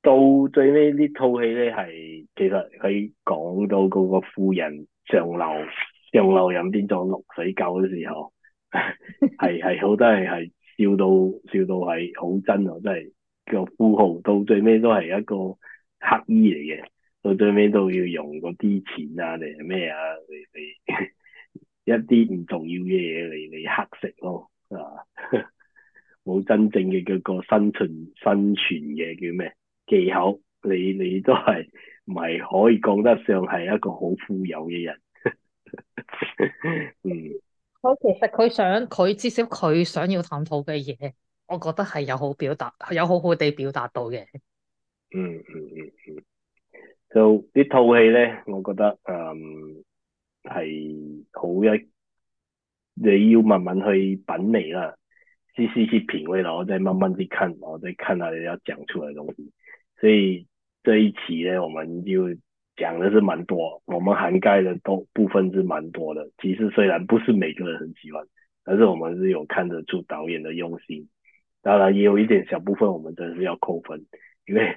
到最尾呢套戲咧，係其實佢講到嗰個富人上流，上流人變作落水狗嘅時候，係係好多人，係笑到笑到係好真啊，真係叫、那個、富豪到最尾都係一個乞衣嚟嘅。到最尾都要用嗰啲錢啊，定係咩啊？嚟嚟一啲唔重要嘅嘢嚟嚟黑色咯，係、啊、冇真正嘅嗰個生存生存嘅叫咩技巧？你你都係唔係可以講得上係一個好富有嘅人呵呵？嗯。佢其實佢想，佢至少佢想要探討嘅嘢，我覺得係有好表達，有好好地表達到嘅、嗯。嗯嗯嗯嗯。就啲套戲呢，我覺得嗯，係好一，你要慢慢去品味啦，細細去品味，然後再慢慢去看，然後再看到要講出來嘅東西。所以這一期呢，我們就講的是蠻多，我們涵蓋的都部分是蠻多的。其實雖然不是每個人很喜歡，但是我們是有看得出導演的用心。當然也有一點小部分，我們真的是要扣分，因為。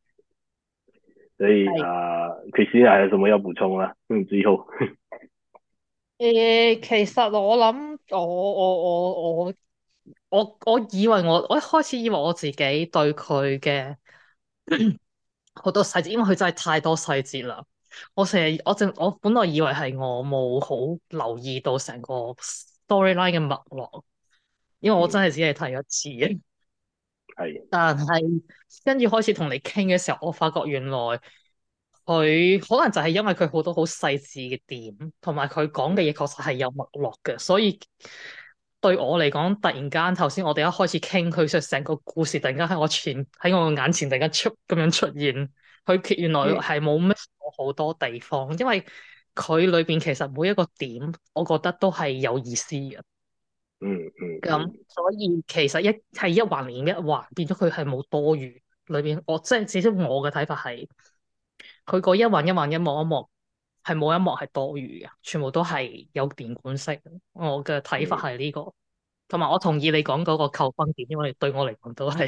所以啊 Kris 有什麼要補充啦？嗯是，都唔知好，誒，其實我諗，我我我我我我以為我我一開始以為我自己對佢嘅好多細節，因為佢真係太多細節啦。我成日我淨我本來以為係我冇好留意到成個 storyline 嘅脈絡，因為我真係只係睇一次。係，但係跟住開始同你傾嘅時候，我發覺原來佢可能就係因為佢好多好細致嘅點，同埋佢講嘅嘢確實係有脈絡嘅，所以對我嚟講，突然間頭先我哋一開始傾佢，即係成個故事突然間喺我前喺我眼前突然間出咁樣出現，佢原來係冇乜好多地方，因為佢裏邊其實每一個點，我覺得都係有意思嘅。嗯，嗯嗯，咁所以其實一係一環連一環，變咗佢係冇多餘裏邊。我即係至少我嘅睇法係，佢個一環一環一幕一幕係冇一幕係多餘嘅，全部都係有連貫性。我嘅睇法係呢、這個，同埋、嗯、我同意你講嗰個扣分點，因為你對我嚟講都係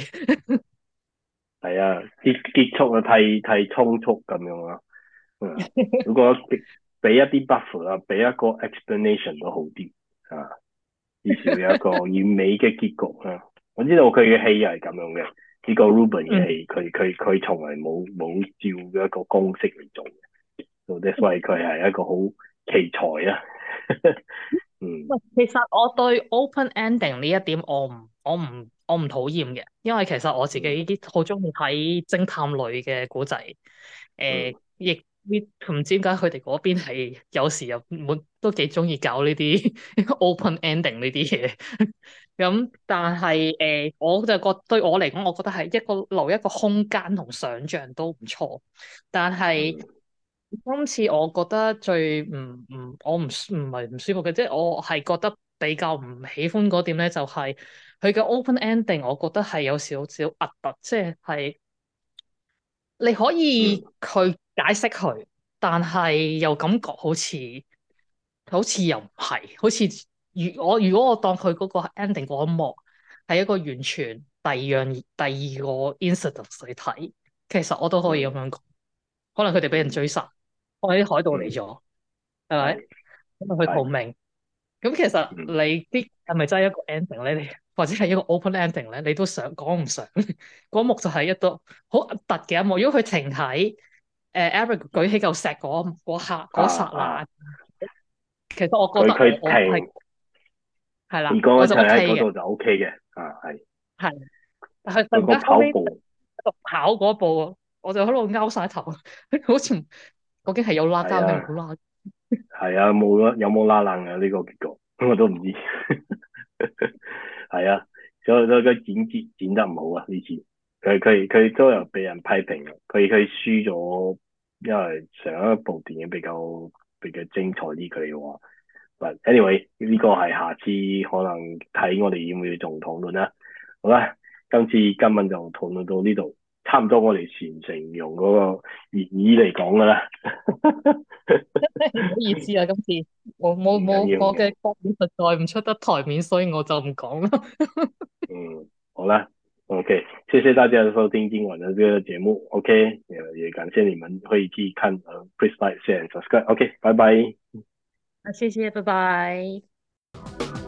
係 啊，結結束啊，太太倉促咁樣啊、嗯。如果俾一啲 buffer 啊，俾一個 explanation 都好啲啊。至少有一個完美嘅結局啊！我知道佢嘅戲又係咁樣嘅，結果 Ruben 嘅戲，佢佢佢從來冇冇照一個公式嚟做，所以佢係一個好奇才啊！嗯，其實我對 open ending 呢一點我唔我唔我唔討厭嘅，因為其實我自己啲好中意睇偵探類嘅古仔，誒、呃、亦。 唔知點解佢哋嗰邊係有時又都幾中意搞呢啲 open ending 呢啲嘢，咁 但係誒、呃，我就覺得對我嚟講，我覺得係一個留一個空間同想象都唔錯。但係、嗯、今次我覺得最唔唔、嗯，我唔唔係唔舒服嘅，即、就、係、是、我係覺得比較唔喜歡嗰點咧、就是，就係佢嘅 open ending，我覺得係有少少核突，即、就、係、是。你可以去解釋佢，但係又感覺好似好似又唔係，好似如我如果我當佢嗰個 ending 嗰一幕係一個完全第二樣第二個 instance 去睇，其實我都可以咁樣講，可能佢哋俾人追殺，可能啲海盜嚟咗，係咪咁去逃命？咁其實你啲係咪真係一個 ending 咧？你或者係一個 open ending 咧？你都想講唔上，嗰幕就係一度好突嘅一幕。如果佢停喺誒 Eric 舉起嚿石嗰嗰刻嗰剎那，其實我覺得佢係係啦。而講一陣喺嗰度就 OK 嘅。啊，係係。但係突然間後屘跑嗰一步，我就喺度勾曬頭，好似究竟係有拉交定冇拉？係啊，冇乜有冇拉冷啊？呢、這個結局，我都唔知。係 啊，所以都都剪接剪得唔好啊呢次。佢佢佢都有俾人批評啦，佢佢輸咗，因為上一部電影比較比較精彩啲佢嘅喎。喂 anyway 呢個係下次可能睇我哋會唔會仲討論啦。好啦，今次今日就討論到呢度。差唔多我哋全程用嗰個粵語嚟講㗎喇，唔好意思啊，今次我冇冇我嘅觀點實在唔出得台面，所以我就唔講啦。嗯，好啦，OK，謝謝大家收聽今晚嘅呢個節目。OK，也也感謝你們可以看啊，please like，share，subscribe，okay。OK，拜拜。啊，謝謝，拜拜。